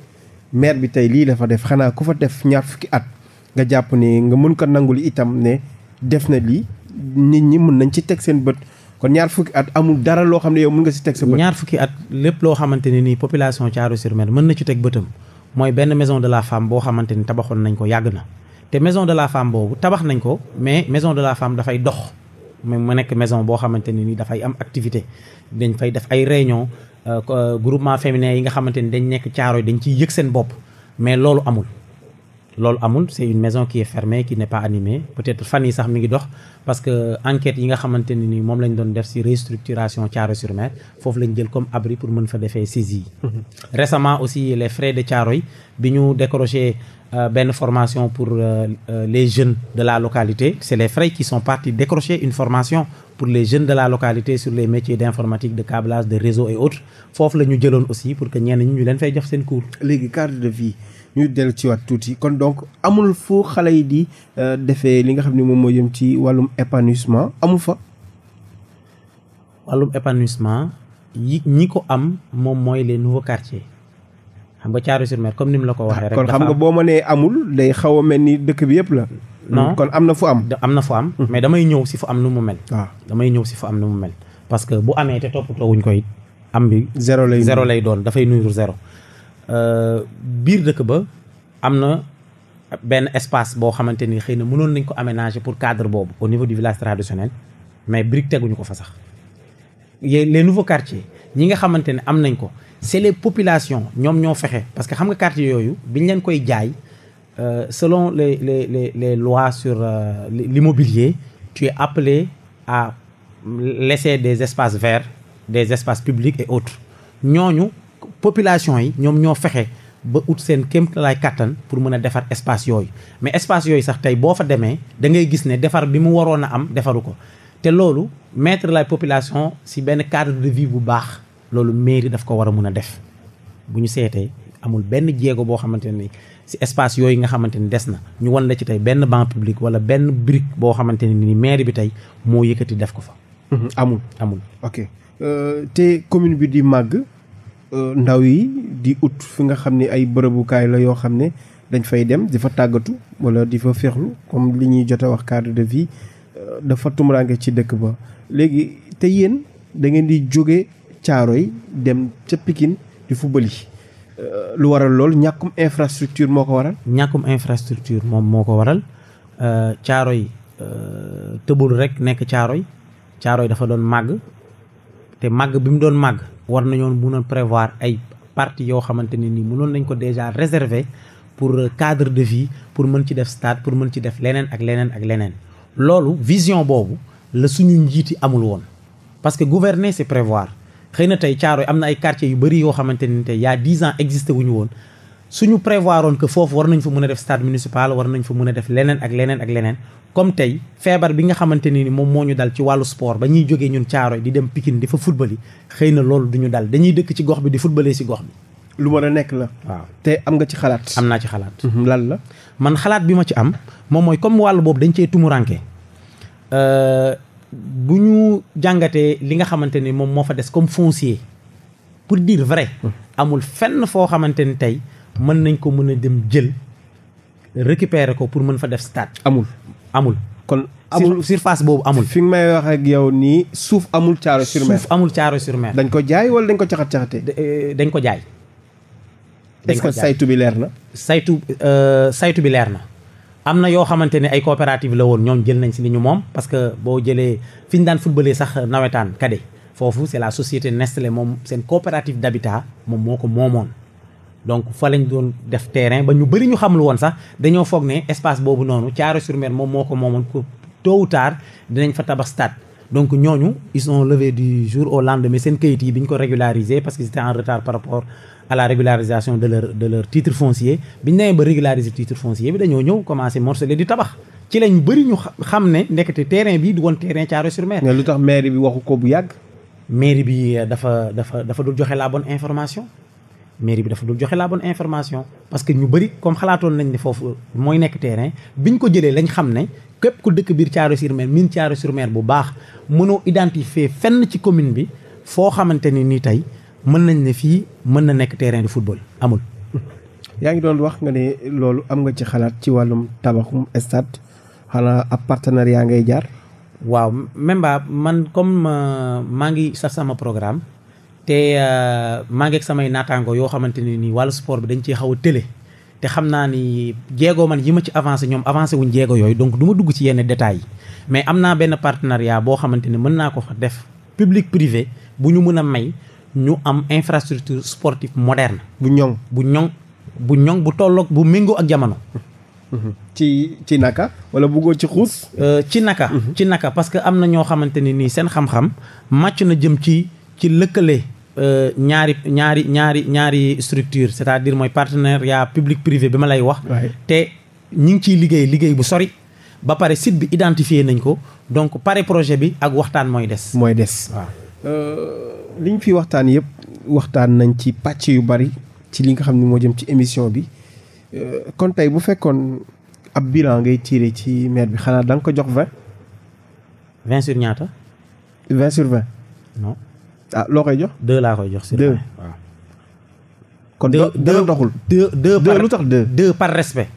maire bi tey lii dafa def xanaa ku fa def ñaar fukki at nga jàpp ne nga mën ko nangul itam ne def na lii. nit ñi mën nañ ci teg seen bët kon ñaar fukki at amul dara loo xam ne yow mën nga si teg sa bët. ñaar fukki at lépp loo xamante ne nii population Thiaroye-sur-Mer mën na ci teg bëtam mooy benn maison de la femme boo xamante ni tabaxoon ko yàgg na te maison de la femme boobu tabax nañ ko mais maison de la femme dafay dox mais ma nekk maison boo xamante ne ni dafay am activité dañ fay def ay réunion euh, euh, groupement féminin yi nga xamante ni dañ nekk Thiaroye dañ ciy yëg seen bopp mais loolu amul loolu amul c'est une maison qui est fermée qui n'est pas animée peut-être fan yi sax mi ngi dox parce que enquête yi nga xamante ne ni moom lañ doon def ci restructuration Thiaroye-sur-Mer foofu lañ jël comme defee saisie yi mhm. les frais de Thiaroye bi ñu décroché euh, formation pour euh, euh, les jeunes de la localité c'est les frais pour les jeunes de la localité sur les métiers d'informatique de câblage jëloon aussi pour que ñenn ñi ñu leen fay jox seen cours léegi carte de vie ñu dellu ci waat tuuti kon donc amul fu xale yi di euh, defee li nga xam ne moom moo jëm ci wàllum épanouissement amu fa. wàllum épanouissement yi ñi ko am moom mooy les nouveaux quartiers. xam nga Thiaroye sur comme ni mu la ko waxee rek. kon xam nga boo ma nee amul xaw a mel ni dëkk bi yëpp la. non kon am na fu am. am na fu am. Hmm. mais damay ñëw si fu am nu mu mel. waaw ah. damay ñëw si fu am nu mu mel. parce que bu amee te toppatoo wuñ koy am bi. zéro lay zéro lay doon dafay nuyu zéro. Euh, biir dëkk ba am na benn espace boo xamante ni xëy na mënoon nañ ko aménager pour cadre boobu au niveau du village traditionnel mais brique teguñu ko fa sax le nouveaux quartiers ñi nga xamante ne am nañ ko c'est les populations ñoom ñoo fexe parce que xam nga quartier yooyu biñ leen koy jaay euh, selon les les les les lois sur euh, l'immobilier tu es appelé à laisser des espaces verts des espaces publics et autres ñooñu population yi ñoom ñoo fexe ba ut seen kémt lay kàttan pour mën a defar espace yooyu mais espace yooyu sax tey boo fa demee dangay gis ne defar bi mu waroon a am defaru ko te loolu mettre la population si benn cadre de vie bu baax loolu mairie daf ko war a mun a def bu ñu seetee amul benn jéego boo xamante ne si espace yooyu nga xamante ni des na ñu wan la ci tey benn banc public wala benn brique boo xamante ne ni maire bi tey moo yëkkati def ko fa. Euh, Euh, ndaw yi di ut fi nga xam ne ay bërëbukaay la yoo xam ne dañ fay dem di fa tàggatu wala di fa féexlu comme li ñuy jote wax cadre de vie euh, dafa tumuraange ci dëkk ba léegi te yéen da ngeen di jóge caaro yi dem ca Pikine di fubali euh, lu waral lool ñàkkum infrastructure moo ko waral ñàkkum infrastructure moom moo ko waral caaro yi tëbul rek nekk caaro yi caaro yi dafa doon màgg te màgg bi mu doon màgg war nañoo mun a prévoir ay parties yoo xamante ne nii mënoon nañ ko déjà réserver pour euh, cadre de vie pour mën ci def stade pour mën ci def leneen ak leneen ak leneen loolu vision boobu la suñu njiiti amul woon parce que gouverner c'est prévoir xëy na tey Thiaroye am na ay quartiers yu bëri yoo xamante ne tey y a dix ans existé wuñu woon suñu prévoir woon que foofu war nañ fa mun a def stade municipal war nañ fa mun a def leneen leneen ak leneen comme tey feebar bi nga xamante ni moom moo ñu dal ci wàllu sport ba ñuy jógee ñun caaro di dem Pikine di fa footbali xëy na loolu du ñu dal dañuy dëkk ci gox bi di footbalee si gox bi. lu war a nekk la. waaw te am nga ci xalaat. am naa ci xalaat. Mhm. lan la man xalaat bi ma ci am moom mooy comme wàllu boobu dañ cee tumuranke euh, bu ñu jàngatee li nga xamante ni moom moo fa des comme foncier pour dire vrai. Mhm. amul fenn foo xamante ni tey mën nañ ko mën a dem jël récupérer ko pour mën fa def stade. amul. amul kon amul surface boobu amul fi nga may waxeek yow nii suuf amul caaro sur suuf amul caaro sur dañ ko jaay wala dañ ko caxat caxatee eh, dañ ko jaay est ko saytu bi leer na saytu euh, saytu bi leer na am na yoo xamante ni ay coopérative la woon ñoom jël nañ si li ñu moom parce que boo jëlee fi ñu daan footballé sax nawetaan kade foofu c'est la société Nestlé moom seen coopérative d'habitat moom moo ko moomoon donc fa lañ doon def terrain ba ñu bëri ñu xamul woon sax dañoo foog ne espace boobu noonu thiaroye sur moom moo ko moom ko tôt ou tard dinañ fa tabax stade. donc ñooñu ils ont levé du jour au lendemain seen kayit yi bi ñu ko régulariser parce qu'ils étaient en retard par rapport à la régularisation de leur de leur titre foncier bi ñu nee ba régulariser titre foncier bi dañoo ñëw commencé morceler di tabax ci lañ bëri ñu xam ne ndekete terrain bi du woon terrain Thiaroye-sur-Mer. mais lu tax mairie bi waxu ko bu yàgg. mairie bi dafa dafa dafa dul joxe la bonne information. mairie bi dafa dul joxe la bon information parce que ñu bëri comme xalaatoon nañ ne foofu mooy nekk terrain bi biñ ko jëlee lañ xam ne képp ku dëkk biir Thiaroye-sur-Mer min thiaroye sur bu baax mënoo identifier fenn ci commune bi foo xamante ni nii tey mën nañ ne fii mën na nekk terrain de football amul. yaa ngi doon wax nga ne loolu am nga ci xalaat ci wàllum tabaxum stade xanaa ab partenariat ngay jaar. waaw même ba man comme euh, maa ngi sax sama programme. te euh, maa ngi ak samay naataango yoo xamante ne nii wàllu sport bi dañ ciy xaw a tële te xam naa ni jéego man yi ma ci avancé ñoom avancé wuñ jéego yooyu donc duma dugg ci yenn détails yi mais am naa benn partenariat boo xamante ne mën naa ko fa def public privé bu ñu mën a may ñu am infrastructure sportive moderne. bu ñoŋ bu ñoŋ bu ñoŋ bu tolloog bu méngoo ak jamono. Mhm. ci ci naka wala buggoo ci xuus. Euh, ci naka. Mhm. ci naka parce que am na ñoo xamante ne nii seen xam-xam màcc na jëm ci ci lëkkale. Euh, ñaari ñaari ñaari ñaari structure c'est-à-dire mooy partenariat public privé bi ma lay wax te ñi ngi ciy liggéey liggéey bu sori ba pare site bi identifié nañ ko donc pare projet bi ak waxtaan mooy des mooy des waaw euh, li fi waxtaan yëpp waxtaan nañ ci pàcc yu bari ci li nga xam ne moo jëm ci émission bi euh, kon tey bu fekkoon ab bilan ngay tiire ci maire bi xanaa da nga ko jox vingt vingt sur ñaata ah loo koy jox. deux laa koy jox si deux waaw. kon dara doxul. deux par respect.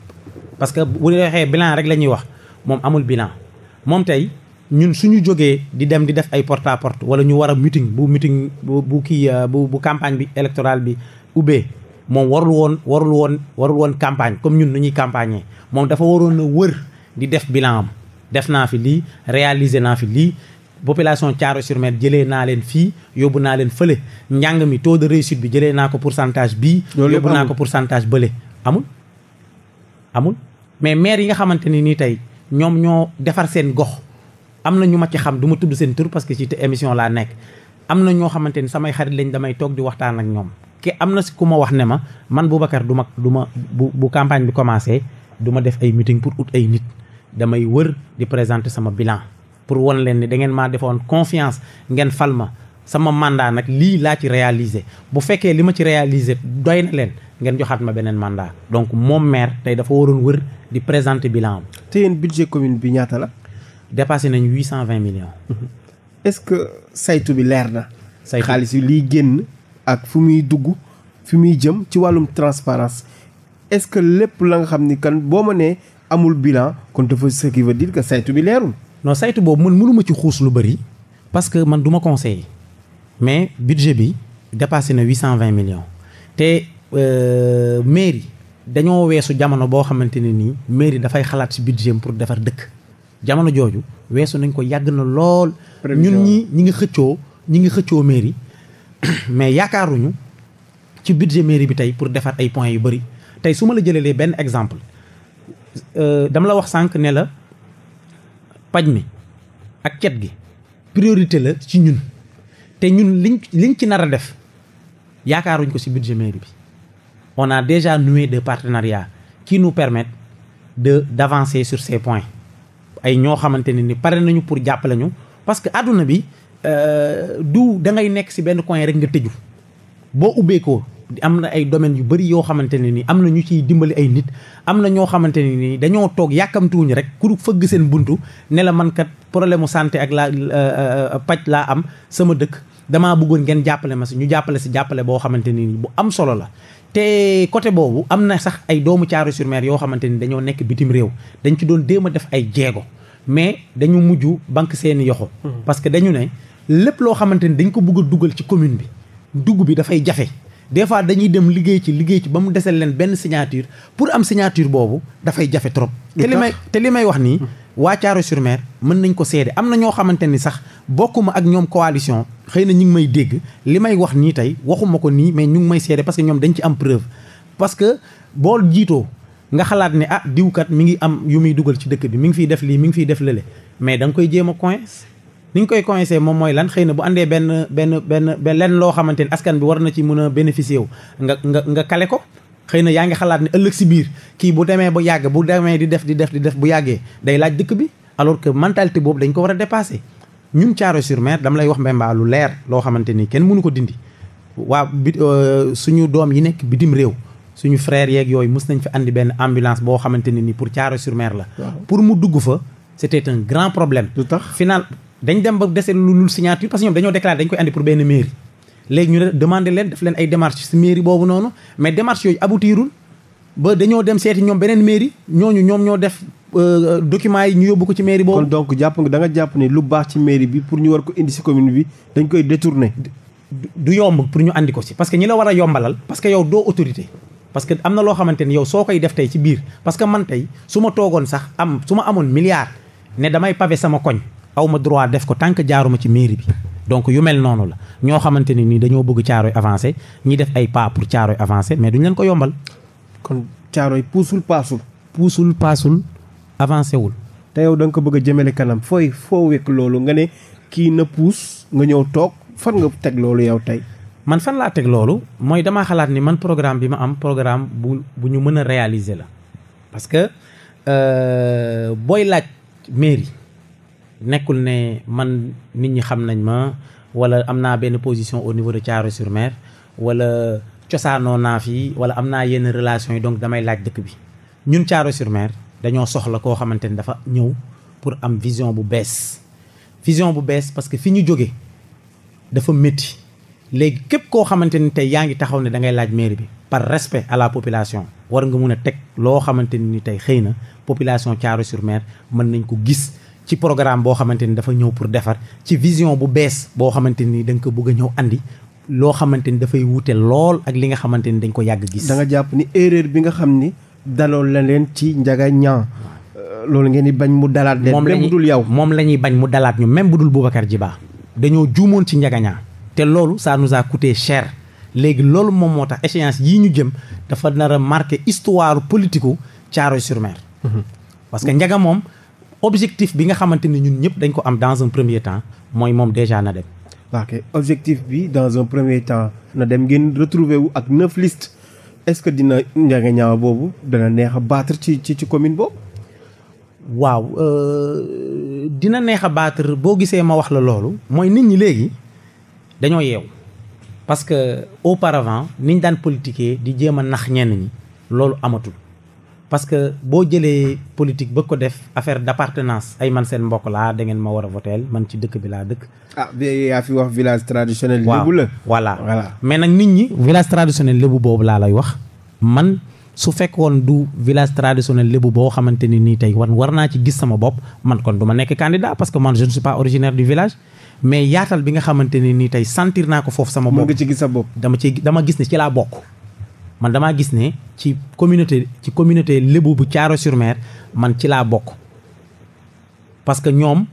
parce que bu ñu waxee bilan rek la ñuy wax moom amul bilan moom tey ñun suñu jógee di dem di def ay porta à porte wala ñu war a meeting bu meeting bu bu kii euh, bu bu campagne bi électorale bi ubbee moom warul woon warul woon warul woon campagne comme ñun nu ñuy campagner moom dafa waroon a wër di def bilan am def naa fi lii réaliser naa fi lii. population Thiaroye sur Mer jëlee naa leen fii yóbbu naa leen fële njàng mi taux de réussite bi jëlee naa ko pour pourcentage bii yóbbu naa ko pourcentage bële amul amul mais maire yi nga xamante ni nii tey ñoom ñoo defar seen gox am na ñu ma ci xam du ma tudd seen tur parce que ci émission laa nekk am na ñoo xamante ni samay xarit lañ damay toog di waxtaan ak ñoom ki am na si ku ma wax ne ma man Boubacar du ma du ma bu bu campagne bi commencé duma def ay meeting pour ut ay nit damay wër di présenter sama bilan pour won leen ni da ngeen maa defoon confiance ngeen fal ma sama mandat nag lii laa ci réaliser bu fekkee li ma ci réaliser doy na leen ngeen joxaat ma beneen mandat donc moom maire tey dafa waroon wër di présenter bilan am. te yéen budget commune bi ñaata la. dépassé nañ huit cent vingt millions. est-ce que saytu bi leer na. say xaalis yi liy génn ak fu muy dugg fi muy jëm ci wàllum transparence est-ce que lépp la nga xam ni kan boo ma nee amul bilan kon dafa ce qui veut que saytu bi leerul. non saytu boobu mën mënuma ci xuus lu bëri parce que man du ma conseiller mais budget bi dépassé na huit cent vingt millions te euh, mairie dañoo weesu jamono boo xamante ne nii mairie dafay xalaat ci budget pour defar dëkk jamono jooju weesu nañ ko yàgg na lool. ñun ñi ñi ngi xëccoo ñi ngi xëccoo mairie mais yaakaaruñu ci budget mairie bi tey pour defar ay point yu bëri tey su ma la jëlalee benn exemple euh, dama la wax sànq ne la. paj mi ak cet gi priorité la ci ñun te ñun liñ liñ ci nar a def yaakaaruñ ko ci budget mairie bi on a déjà noué des partenariats qui nous permettent de d'avancer sur ces points ay ñoo xamante ne ni pare nañu pour jàppale ñu parce que àdduna bi euh, du da ngay nekk ci benn coin rek nga tëju boo ubbee am na ay domaines yu bëri yoo xamante ne ni am na ñu ciy dimbali ay nit am na ñoo xamante ne ni dañoo toog yàkkamtuwuñu rek ku fëgg seen buntu ne la man kat problème mu santé ak laa euh, euh, euh, paj laa am sama dëkk damaa buggoon ngeen jàppale ma si ñu jàppale si jàppale boo xamante ne ni bu am solo la te côté boobu am na sax ay doomu Thiaroye sur yoo xamante ni dañoo nekk bitim réew dañ ci doon déem a def ay jéego mais dañu mujj banque seeni yoxo mm-hmm. parce que dañu ne lépp loo xamante ni dañ ko bëgg dugal ci commune bi dugg bi dafay jafe des fois dañuy dem liggéey ci liggéey ci ba mu desel leen benn signature pour am signature boobu dafay jafe trop te li may te li may wax nii waa Thiaroye sur mën nañ ko seede am na ñoo xamante ni sax bokkuma ak ñoom coalition xëy na ñu ngi may dégg li may wax nii tey waxuma ko nii mais ñu ngi may seede parce que ñoom dañ ci am preuve parce que boo jiitoo nga xalaat ne ah diwkat mi ngi am yu muy dugal ci dëkk bi mu ngi fiy def lii mi ngi fiy def lële mais da nga koy jéem a coince ni ñu koy coincé moom mooy lan xëy na bu àndee benn benn benn lenn loo xamante ni askan bi war na ci mën a bénéficier wu nga nga nga kale ko xëy na yaa ngi xalaat ne ëllëg si biir kii bu demee ba yàgg bu demee di def di def di def bu yàggee day laaj dëkk bi alors que mentalité boobu dañ ko war a dépassé ñun Thiaroye sur Mer dama lay wax Mbemba lu leer loo xamante ni kenn mënu ko dindi waaw bi euh, suñu doom yi nekk bitim réew suñu frères yeeg yooyu mës nañ fi andi benn ambulance boo xamante ne ni pour Thiaroye la pour fa c'était un grand dañu dem ba dese lu lul signature parce que ñoom dañoo déclaré dañ koy andi pour benn mairie léegi ñu ne leen def leen ay démarches si mairie boobu noonu mais démarches yooyu aboutirul ba dañoo dem seeti ñoom beneen mairie ñooñu ñoom ñoo def euh, documents yi ñu yóbbu ko ci mairie boobu. kon jàpp nga da jàpp ne lu baax ci mairie bi pour ñu ko indi si commune bi dañ koy détourné. du yomb pour ñu andi ko si parce que ñi la war a yombalal. parce que yow doo otorité parce que am na loo xamante ni yow soo koy def tey ci biir parce que man tey su ma toogoon sax am su ma amoon milliard ne damay pavé sama koñ. aw ma droit def ko tant que jaaruma ci mairie bi donc yu mel noonu la ñoo xamante ne nii dañoo bëgg caaroy avancé ñi def ay pas pour caaroy avancé mais duñ leen ko yombal. kon caaroy puusul paasul. puusul paasul avancé wul. te yow da nga ko bëgg a jëmale kanam fooy foo wekk loolu nga ne kii na puus nga ñëw toog fan nga teg loolu yow tey. man fan laa teg loolu mooy dama xalaat ni man programme bi ma am programme bu bu ñu mën a réaliser la parce que euh, booy laaj mairie. nekkul ne man nit ñi xam nañ ma wala am naa benn position au niveau de Thiaroye-sur-Mer wala cosaanoo naa fi wala am naa yenn relation yi donc damay laaj dëkk bi ñun thiaroye sur dañoo soxla koo xamante ni dafa ñëw pour am vision bu bees vision bu bees parce que fi ñu jóge dafa métti léegi képp koo xamante ni tey yaa ngi taxaw ne da ngay laaj mairie bi par respect à la population war nga mun a teg loo xamante ni tey xëy na population thiaroye ci programme boo xamante ni dafa ñëw pour defar ci vision bu bees boo xamante ni da ko bëgg ñëw andi loo xamante ni dafay wuute lool ak li nga xamante ni dañ ko yàgg gis. da jàpp ni erreur bi nga xam ni daloon la leen ci njaga ñaan euh, loolu ngeen di bañ mu dalaat leen. même bu yow moom la ñuy bañ mu dalaat ñu même bu dul Boubacar Djiba dañoo juumoon ci njaga ñaan te loolu ça nous a coûté cher léegi loolu moom moo tax échéance yii ñu jëm dafa nar a marqué histoire politico Thiaroye sur mhm. objectif bi nga xamante ni ñun ñëpp dañ ko am dans un premier temps mooy moom déjà na dem. ok objectif bi dans un premier temps na dem ngeen retrouver wu ak neuf listes est-ce que dina njànge ñaaw boobu dana neex a battre ci ci ci commune boobu. waaw euh, dina neex a battre boo gisee ma wax la loolu. mooy nit ñi léegi dañoo yeew parce que auparavant niñ daan politiquer di jéem a nax ñenn ñi loolu amatul. parce que boo jëlee politique ba ko def affaire d'appartenance ay man seen mbokk laa da ngeen ma war a voteel man ci dëkk bi laa dëkk. ah bi yaa fi wax village mais nag nit ñi. village traditionnel lébu boobu laa lay wax. man su fekkoon du village traditionnel lébu boo xamante ni nii tey wan war naa ci gis sama bopp man kon du ma nekk candidat parce que man je ne suis pas originaire du village. mais yaatal bi nga xamante ni nii tey sentir naa ko foofu sama bopp. mën nga ci gis sa bopp dama ci dama gis ne ci laa bokk. man damaa gis ne ci communauté ci communauté lébu bu caaro sur man ci laa bokk parce que ñoom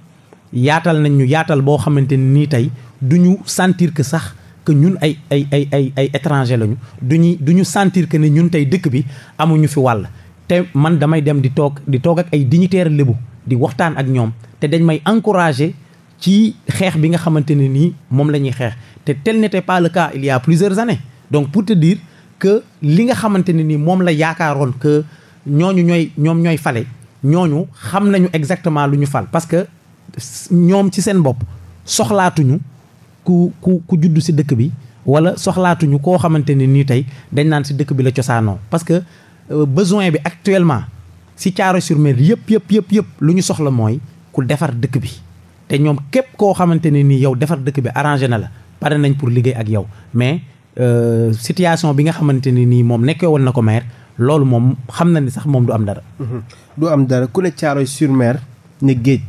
yaatal nañ ñu yaatal boo xamante nii tey du ñu sentir que sax que ñun ay ay ay ay ay étranger lañu du ñuy du ñu sentir que ne ñun tey dëkk bi amuñu fi wàll te man damay dem di toog di toog ak ay dignitaire lébu di waxtaan ak ñoom te dañ may encourager ci xeex bi nga xamante ne nii moom la ñuy xeex te tel n'était pas le cas il y a plusieurs années donc pour te dire que li nga xamante ne ni moom la yaakaaroon que ñooñu ñooy ñoom ñooy fale ñooñu xam nañu exactement lu ñu fal parce que ñoom ci seen bopp soxlaatuñu ku ku ku juddu si dëkk bi wala soxlaatuñu koo xamante ne nii tey dañ naan si dëkk bi la cosaanoo parce que euh, besoin bi actuellement si Thiaroye-sur-Mer yëpp yëpp yëpp yëpp lu ñu soxla mooy ku defar dëkk bi te ñoom képp koo xamante ne nii yow defar dëkk bi arrangé na la pare nañ pour liggéey ak yow mais Euh, situation bi nga xamante ni nii moom nekkee woon na ko maire loolu moom xam na ni sax moom du am dara. Mhm. du am dara ku ne Thiaroye sur Mer ne géej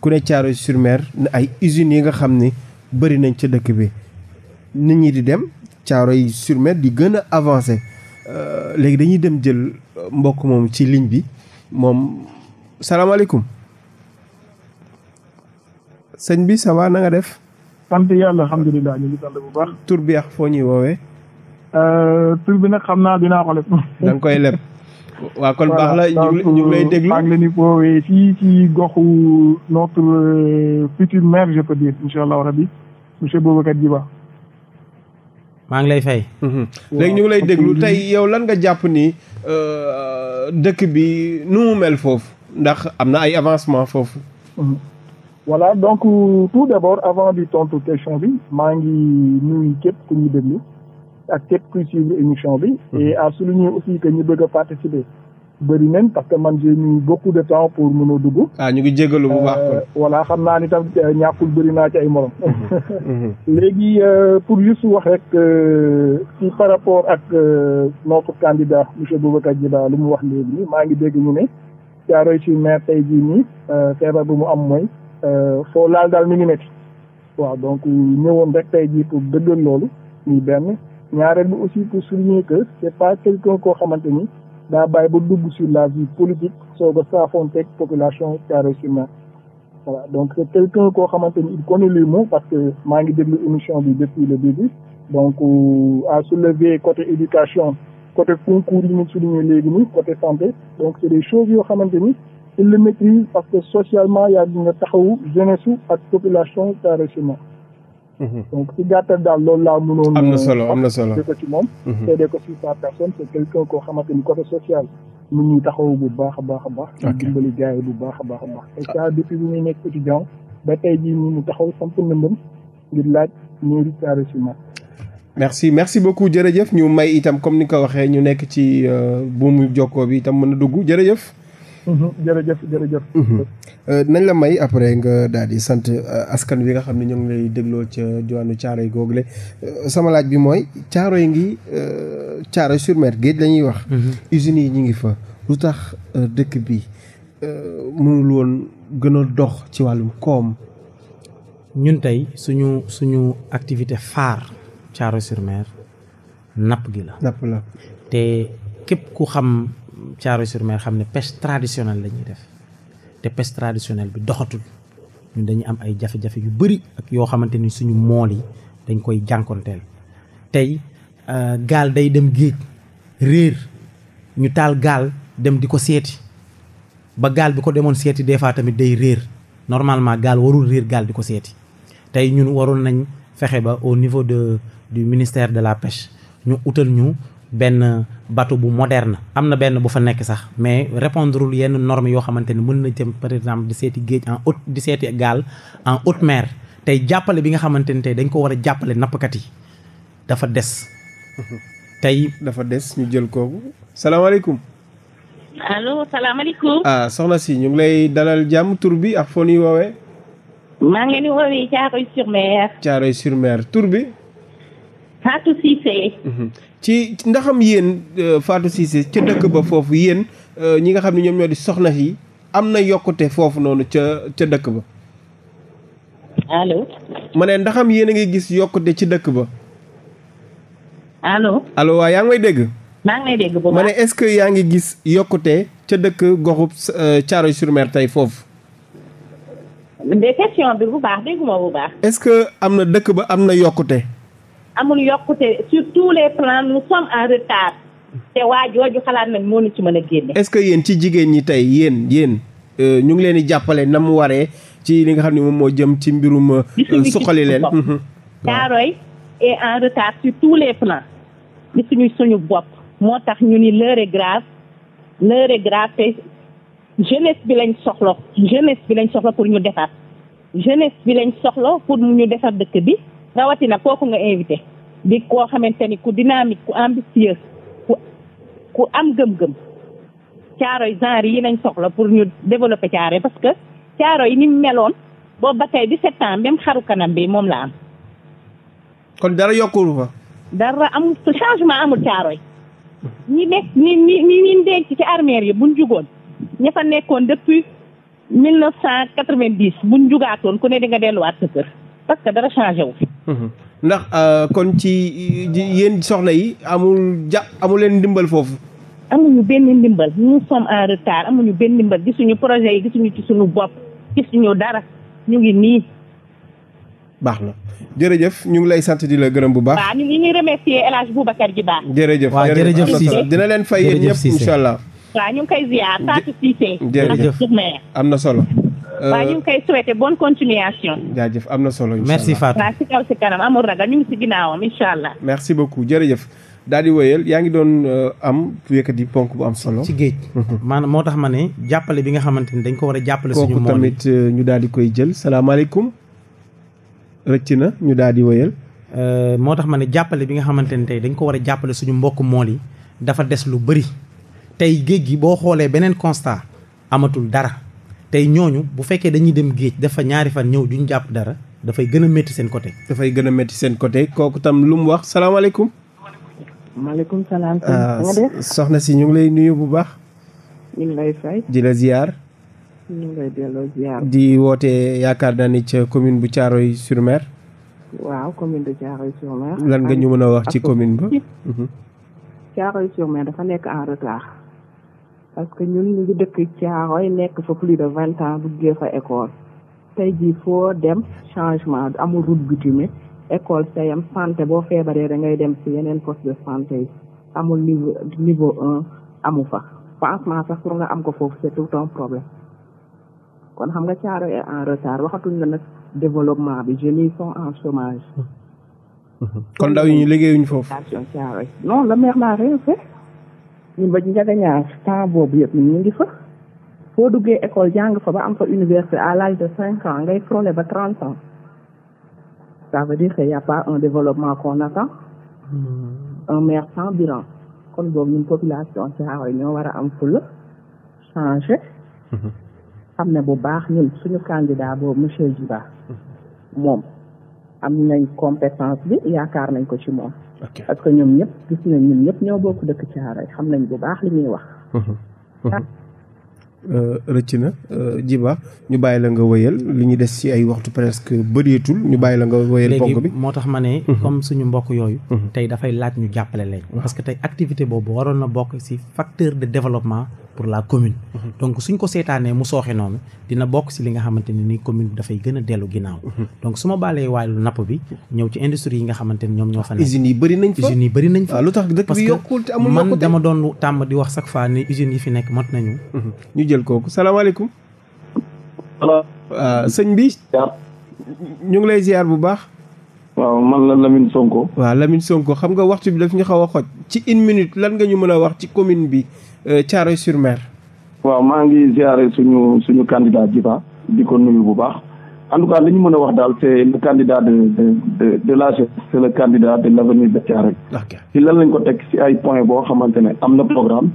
ku ne Thiaroye sur ne ay usines yi nga xam ni bëri nañ ca dëkk bi nit ñi di dem caaro sur Mer di gën a avancé euh, léegi dañuy dem jël mbokk moom ci ligne bi moom salaamaaleykum sëñ bi ça va na nga def. sant yàlla alhamdulilah ñu ngi sant bu baax. tur bi ak foo ñuy woowee. Euh, tur bi nag xam naa dinaa ko leb. da koy leb. waa kon baax la ñu lay déglu maa ngi leen di woowee fii ci goxu notre euh, futur maire je peux dire maa ngi lay fay. Mhm. léegi ñu lay déglu tey yow lan nga jàpp ni euh, dëkk bi nu mu mel foofu ndax am na ay avancement foofu. Mhm. voilà donc euh, tout d'abord avant di tontu question bi maa ngi nuyu képp ku ñuy déglu ak képp kuy suivre émission bi. Mhm. et à souligner aussi que ñu bëgg a participer bëri nañ parce que man j'ai mis beaucoup de temps pour mën a dugg. ah ñu ngi jégalu ma baax. Euh, voilà xam naa ni tam euh, ñàkkul bëri naa ci ay morom. Mhm. Mhm. léegi pour juste wax rek si par rapport ak notre candidat monsieur Boubacar Djiba lu mu wax léegi maa ngi dégg ñu ne Thiaroye sur maire tey jii nii feebar bu mu am mooy. Euh, foo laal daal mi ngi métti waaw donc ñëwoon rek tey jii pour dëggal loolu benn ñaareel bi aussi pour souligner que koo xamante ni daa bàyyi ba dugg sur la vie politique soo ko saafoonteeg population Thiaroye-sur-Mer voilà donc c'est koo xamante ni il connaît le mot parce que maa ngi déglu émission bi depuis le début donc euh, à soulever côté éducation côté concours yi ñu souligner léegi nii côté santé donc c'est des yoo xamante ni il le maîtrise parce que socialement yaa nga taxawu jeunesse ak population carrément. Mhm. donc ci gàttal daal loolu laa mënoon. am na solo am na euh, solo ci moom. seede ko ci sa personne c' quelqu'un koo xamante ni côté social. mu ñuy taxawu bu baax a baax a baax. ok dimbali gars bu baax a baax a baax. et ça depuis bi muy nekk étudiant ba tey jii ñu mu taxaw samp ndëmbam ngir laaj mairie carrément. merci merci beaucoup jërëjëf ñu may itam comme ni nga ko waxee ñu nekk ci euh, buumu jokkoo bi itam mën a dugg jërëjëf. Mhm. jërëjëf jërëjëf. Mhm. Euh, nañ la may après nga daal di sant euh, askan wi nga xam ne ñoo ngi lay dégloo ca diwaanu Caaroy google euh, sama laaj bi mooy caaro yi ngi Caaroy sur mer géej la wax. Mhm. usines yi ñu ngi fa lu tax dëkk bi mënul woon gën a dox ci wàllum koom. ñun tey suñu suñu activité phare caaro sur napp gi la. napp la te képp ku xam. Thiaroye sur Mer xam ne pêche traditionnelle la ñuy def te pêche traditionnel bi doxatul ñun dañu am ay jafe-jafe yu bëri ak yoo xamante ni suñu mool yi dañ koy jànkonteel tey euh, gaal day dem géej réer ñu taal gaal dem di ko seeti ba gaal bi ko demoon seeti des fois tamit day réer normalement gaal warul réer gaal di ko seeti tey ñun waroon nañ fexe ba au niveau de du ministère de la pêche ñu utal ñu benn bato bu moderne am na benn bu fa nekk sax mais répondreul yenn normes yoo xamante ne mën na jëm par exemple di seeti géej en haute di seeti gaal en haute maire tey jàppale bi nga xamante ne tey dañ ko war a jàppale nappkat yi dafa des tey dafa des ñu jël kooku salaamaaleykum allo salaamaaleykum ah soxna si ñu ngi lay dalal jàmm tur bi ak foo ñuy woowee maa ngi leen woowee Caaroy sur Caaroy sur tur bi Fatou Cissé mhm. ci ndaxam yéen euh, Fatou Cissé ca dëkk ba foofu yéen euh, ñi nga xam ne ñoom ñoo di soxna yi am na yokkute foofu noonu ca ca dëkk ba. allo. ma ne ndaxam yéen a ngi gis yokkute ci dëkk ba. allo. allo waaw yaa ngi may dégg. lay dégg bu baax ma ne est-ce que yaa ngi gis yokkute ca dëkk goxub euh, Thiaroye-sur-Mer tey foofu. de question bi bu baax dégguma ce que am na dëkk ba am na yokkute. amul yokkute sur tout les plans mu sommes en retard te waa jooju xalaat nañ moo ñu ci mën a génne. est-ce que yéen ci jigéen ñi tey yéen yéen euh, ñu ngi leen di jàppale na mu waree ci li nga xam ne moom moo jëm ci mbirum. Euh, suqali leen Caaroy mhm. est en retard sur tous les plans. di suñu suñu bopp moo tax ñu ni l'heure est grave l'heure grave te jeunesse bi lañ soxla jeunesse bi lañ soxla pour ñu defar jeunesse bi lañ soxla pour ñu defar dëkk bi. rawatina kooku nga invité di koo xamante ni ku dynamique ku ambitieuse ku am gëm-gëm caaro yi genre yi lañ soxla pour ñu développer caaro parce que caaro yi ni meloon boobu ba tey 17 ans même xaru kanam bi moom laa am. kon dara yokkuwul fa. dara amul changement amul caaro yi ñu nekk ñi ñi ñi ñu denc ci armère yi buñ jugoon ña fa nekkoon depuis bu buñ jugaatoon ku ne di nga delluwaat sa kër. parce que dara changé wu. Mhm. ndax euh, kon ci yéen soxla yi amul ja amul leen ndimbal foofu. amuñu benn ndimbal nous sommes en retard amuñu benn ndimbal gisuñu projet yi gisuñu ci suñu bopp gisuñu dara ñu ngi nii. baax na jërëjëf ñu ngi lay sant di la gërëm bu baax. waaw ñu ngi ñuy remercier El Hadj ji baax. jërëjëf waaw jërëjëf Cissé dina leen fay yéen ñëpp incha allah. ñu ngi koy ziar Fatou Cissé. jërëjëf am na solo. Euh, waaw ñu ngi koy souhaité bonne continuation. jaajëf am na solo merci Fatou. waaw si kaw si kanam amul ragal allah. merci beaucoup jërëjëf daal di wéyal yaa ngi doon euh, am yëkkati ponk bu am solo. ci géej. maanaam moo tax ma ne jàppale bi nga xamante ni dañ ko war a jàppale. suñu tamit euh, ñu daal di koy jël salaamaaleykum. rëcc na ñu daal di wéyal. moo tax ma ne jàppale bi nga xamante ni tey dañ ko war a jàppale suñu mbokk mool yi dafa des lu bëri tey géej gi boo xoolee beneen constat amatul dara. tey ñooñu bu fekkee dañuy dem géej dafa ñaari fan ñëw duñ jàpp dara dafay gën a métti seen côté. dafay gën a métti seen côté kooku tam lu mu wax salaamaaleykum. maaleykum salaam. Ah, soxna si ñu ngi lay nuyu bu baax. ñu ngi lay fay. di la ziar. di woote yaakaar naa ni ca commune bu caaro sur Mer. waaw commune de Thiaroye sur lan nga ñu mën a wax ci commune ba. Mhm. Thiaroye dafa nekk en retard. parce que ñun ñu ngi dëkk Thiaroye nekk fa plus de vingt ans duggee fa école tey jii foo dem changement amul route bitumée école sayam santé boo feebaree da ngay dem si yeneen poste de santé yi amul niveau niveau un amu fa pansement sax pour nga am ko foofu c'est tout un problème kon xam nga Thiaroye est en retard waxatuñ la nag développement bi jeunes yi sont en chômage kon ndaw yi ñu foofu non le maire n'a rien ñun ba njagañaar temps boobu yëpp ñu ngi fa foo duggee école jàng fa ba am fa université à l'âge de cinq ans ngay frôler ba trente ans ça veut dire que y un développement qu'on attend hmm. un maire sans bilan kon boobu ñun population Thiaroye ñoo war a am fula changé hmm. xam ne bu baax ñun suñu candidat boobu monsieur Djiba hmm. moom am nañ compétence bi yaakaar nañ ko ci moom parce que ñoom ñëpp gis nañ ñun ñëpp ñoo bokk dëkk Caaroy xam nañ bu baax li ñuy wax. Euh, rëcc na euh, jiba ñu bàyyi la nga wëyal li ñu des ci ay waxtu presque bëreetul ñu bàyyi la nga wëyal ponk bi moo tax ma ne mhm. comme suñu mbokk yooyu mhm. tey dafay laaj ñu jàppale leen parce tey activité boobu waroon na bokk ci facteur de développement pour la commune mhm. donc suñ ko seetaanee mu sooxe noonu dina bokk si li nga xamante ne ni commune bi dafay gën a dellu ginnaaw mhm. donc su ma baalee wàllu napp bi ñëw ci industrie yi nga xamante ne ñoom ñoo fa nekk usines yi bëri nañ fa ah, lu tax dëkk bi yokkul te amul man dama doon tàmm di wax chaque fois ni usines yi fi nekk mat nañu mhm. ñu jël kooku salaamaaleykum ah, sëñ bi ñu ngi lay ziar bu baax waaw man la Lamine Sonko. waaw Lamine Sonko xam nga waxtu bi daf ñu xaw a xoj ci une minute lan nga ñu mën a wax ci commune bi euh, Thiaroye-sur-Mer. waaw maa ngi ziare suñu suñu candidat Djiba di ko nuyu bu baax en tout cas li ñu mën a wax daal c'est le candidat de de de la jeunesse c'est le candidat de l'avenir de Thiaroye. lan lañ ko teg ci ay point boo xamante ne am na programme.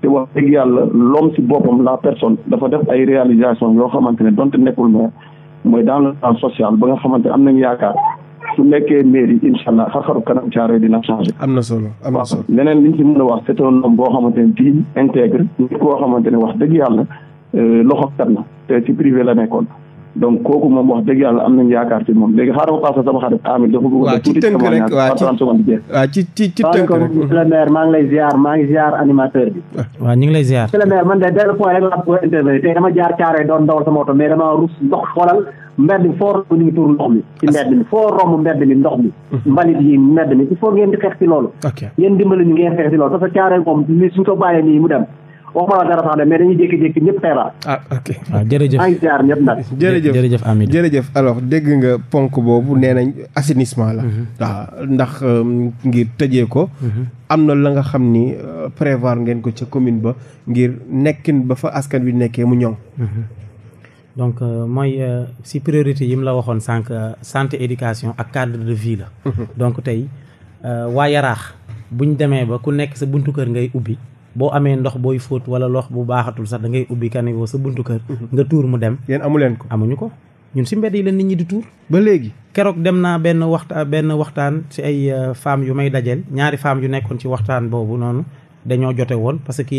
te wax dëgg yàlla l'homme si boppam la personne dafa def ay réalisation yoo xamante ne donte nekkul maire mooy dans le ba nga xamante am nañu yaakaar. su nekkee mairie incha allah xar-xaru kanam Thiaroye dina changé. am na solo am na solo leneen li ñu ci mën a wax c'est un homme boo xamante ne bii intègre. boo koo xamante ne wax dëgg yàlla euh, loxo kat na te ci privé la nekkoon. donc kooku moom wax dëgg yàlla am nañu yaakaar ci moom léegi xaaral ma paase sama xarit Amid dafa bëgg a tuuti sama ñaar waaw ci tënk rek waaw ci ci ci tënk rek monsieur le maire maa ngi lay ziar maa ngi ziar animateur bi waaw ñu ngi lay ziar monsieur le maire man de benn point rek laa bëgg a intervenir tey jaar caaree doon dawal sama oto mais rus ndox xoolal mbedd mi foo romb ñu ngi tuur ndox mi ci mbedd mhm. mbedd mi il faut ngeen di xeex ci loolu yéen dimbali ñu ngeen xeex ci loolu parce caaree moom li suñ ko bàyyee nii mu dem waxuma dara sax de mais dañuy jékki-jékki ñëpp feebar. ah ok ah, jërëjëf ay ziar ñëpp jërëjëf jërëjëf alors dégg nga ponk boobu nee nañ assainissement la. Mhm. waaw ndax euh, ngir tëjee ko. Mhm. am na la nga xam ni euh, prévoir ngeen ko ca commune ba ngir nekkin ba fa askan wi nekkee mu ñoŋ. Mhm. donc euh, mooy euh, si priorité yi mu la waxoon sànq santé éducation ak cadre de vie la. donc tey waa yaraax bu ñu demee ba ku nekk sa buntu kër ngay ubbi. boo amee ndox booy fóot wala lox bu baaxatul sax da ngay ubbi caniveau sa buntu kër nga tuur mu dem yéen amu leen ko amuñu ko ñun si mbedd yi leen nit ñi di tuur ba léegi keroog dem naa benn waxta benn waxtaan si ay euh, femmes yu may dajeel ñaari femmes yu nekkoon ci waxtaan boobu noonu dañoo jote woon parce que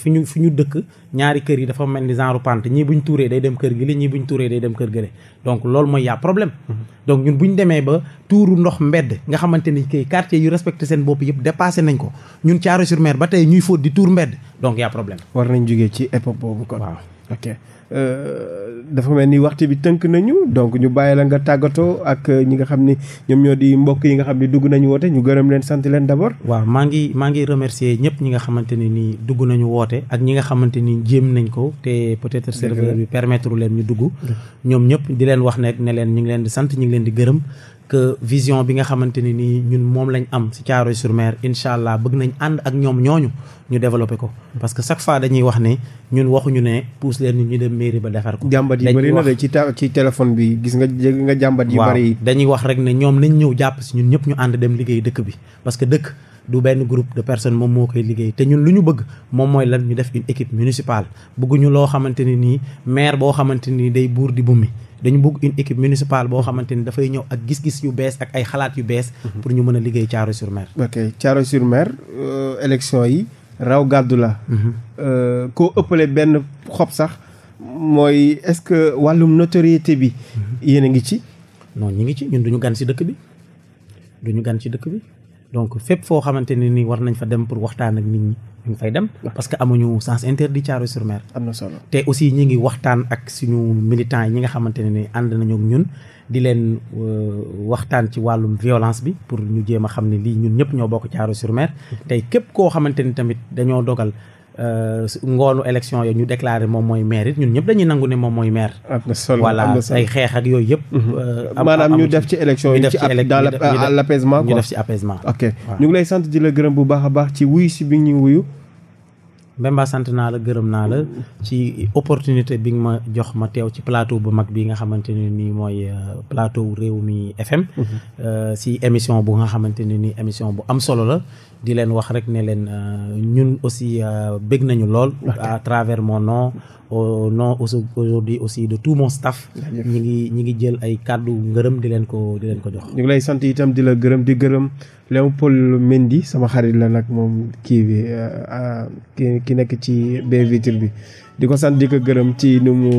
fi ñu fi ñu dëkk ñaari kër yi dafa mel ni genre pante ñii buñ tuuree day dem kër gi li ñii buñ tuuree day dem kër gële donc loolu mooy yaa problème mm-hmm. donc ñun buñu demee ba tuuru ndox mbedd nga xamante ni kay quartier yu respecté seen bopp yëpp dépassé nañ ko ñun Thiaroye sur ba tey ñuy fóot di tuur mbedd donc yaa problème war nañ jógee ci époque boobu kon waaw Euh, dafa mel ni waxtu bi tënk nañu donc ñu bàyyi la nga tàggatoo ak euh, ñi nga xam ni ñoom ñoo di mbokk yi nga xam ni dugg nañu woote ñu gërëm leen sant leen d'abord. waaw maa ngi maa ngi remercier ñëpp ñi nga xamante ne nii dugg nañu woote ak ñi nga xamante ni jéem nañ ko te peut-être serveur bi permettre leen ñu dugg ñoom ñëpp di leen wax nekk ne leen ñu ngi leen di sant ñu ngi leen di gërëm que euh, vision bi nga xamante ne nii ñun moom lañ am si Thiaroye sur Mer allah bëgg nañ ànd ak ñoom ñooñu ñu développé ko parce que chaque fois dañuy wax ni ñun waxuñu ne pousse leen ñu dem mairie ba defar ko. jàmbat yi bëri na de ci ci téléphone bi gis nga nga jàmbat yu yi dañuy wax rek ne ñoom nañ ñëw jàpp si ñun ñëpp ñu ànd dem liggéey dëkk bi parce dëkk. du benn groupe de personne moom moo koy liggéey te ñun lu ñu bëgg moom mooy lan ñu def une équipe municipale bëgguñu loo xamante ne nii maire boo xamante nii day buur di bummi dañu bëgg une équipe municipale boo xamante ni dafay ñëw ak gis-gis yu bees ak ay xalaat yu bees mhm. pour ñu mën a liggéey Thiaroye sur Mer ok Thiaroye sur Mer euh, élection yi raw gàddu la mhm. euh, ko ëppale benn xob sax mooy est-ce que wàllum notoriété bi mhm. yéen a ngi ci moom ñi ngi ci ñun duñu gan si dëkk bi duñu gan ci dëkk bi donc fépp foo xamante ne ni war nañ fa dem pour waxtaan ak nit ñi ñu fay dem parce que amuñu sens interdit Thiaroye sur na solo te aussi ñi ngi waxtaan ak suñu militants yi ñi nga xamante ne ni ànd nañu ñun di leen euh, waxtaan ci wàllum violence bi pour ñu jéem a xam ne lii ñun ñëpp ñoo bokk Thiaroye sur mm-hmm. tey képp koo xamante ni tamit dañoo dogal Euh, ngoonu élection yooyu ñu déclaré moom mooy maire it ñun ñëpp dañuy nangu ne moom mooy maire. am na xeex ak yooyu yëpp. Mhm. Euh, maanaam ñu def ci élection yi ci dans l'apaisement quoi ñu def ci apaisement. ok ñu ngi lay sant di la gërëm bu baax a baax ci wuyu si bi ñu wuyu. Mbemba sant naa la gërëm naa la mm. ci opportunité bi nga ma jox ma teew ci plateau bu mag bi nga xamante ne nii mooy euh, plateau Rewmi FM. Mm-hmm. si émission bu nga xamante ne nii émission bu am solo la. di leen wax rek ne leen euh, ñun aussi euh, bëgg nañu lool à travers mon nom au nom aujourd'hui aussi de tout mon staff ñi ngi ñi ngi jël ay kàddu ngërëm di leen ko di leen ko jox ñu ngi lay sant itam di la gërëm di gërëm Léopold Mendy sama xarit la nag moom kii bi euh, ki nekk ci baie vitre bi di ko sant di ko gërëm ci nu mu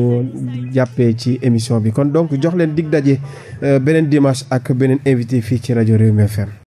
jàppee ci émission bi kon donc jox leen dig daje beneen dimanche ak beneen invité fii ci rajo Rewmi FM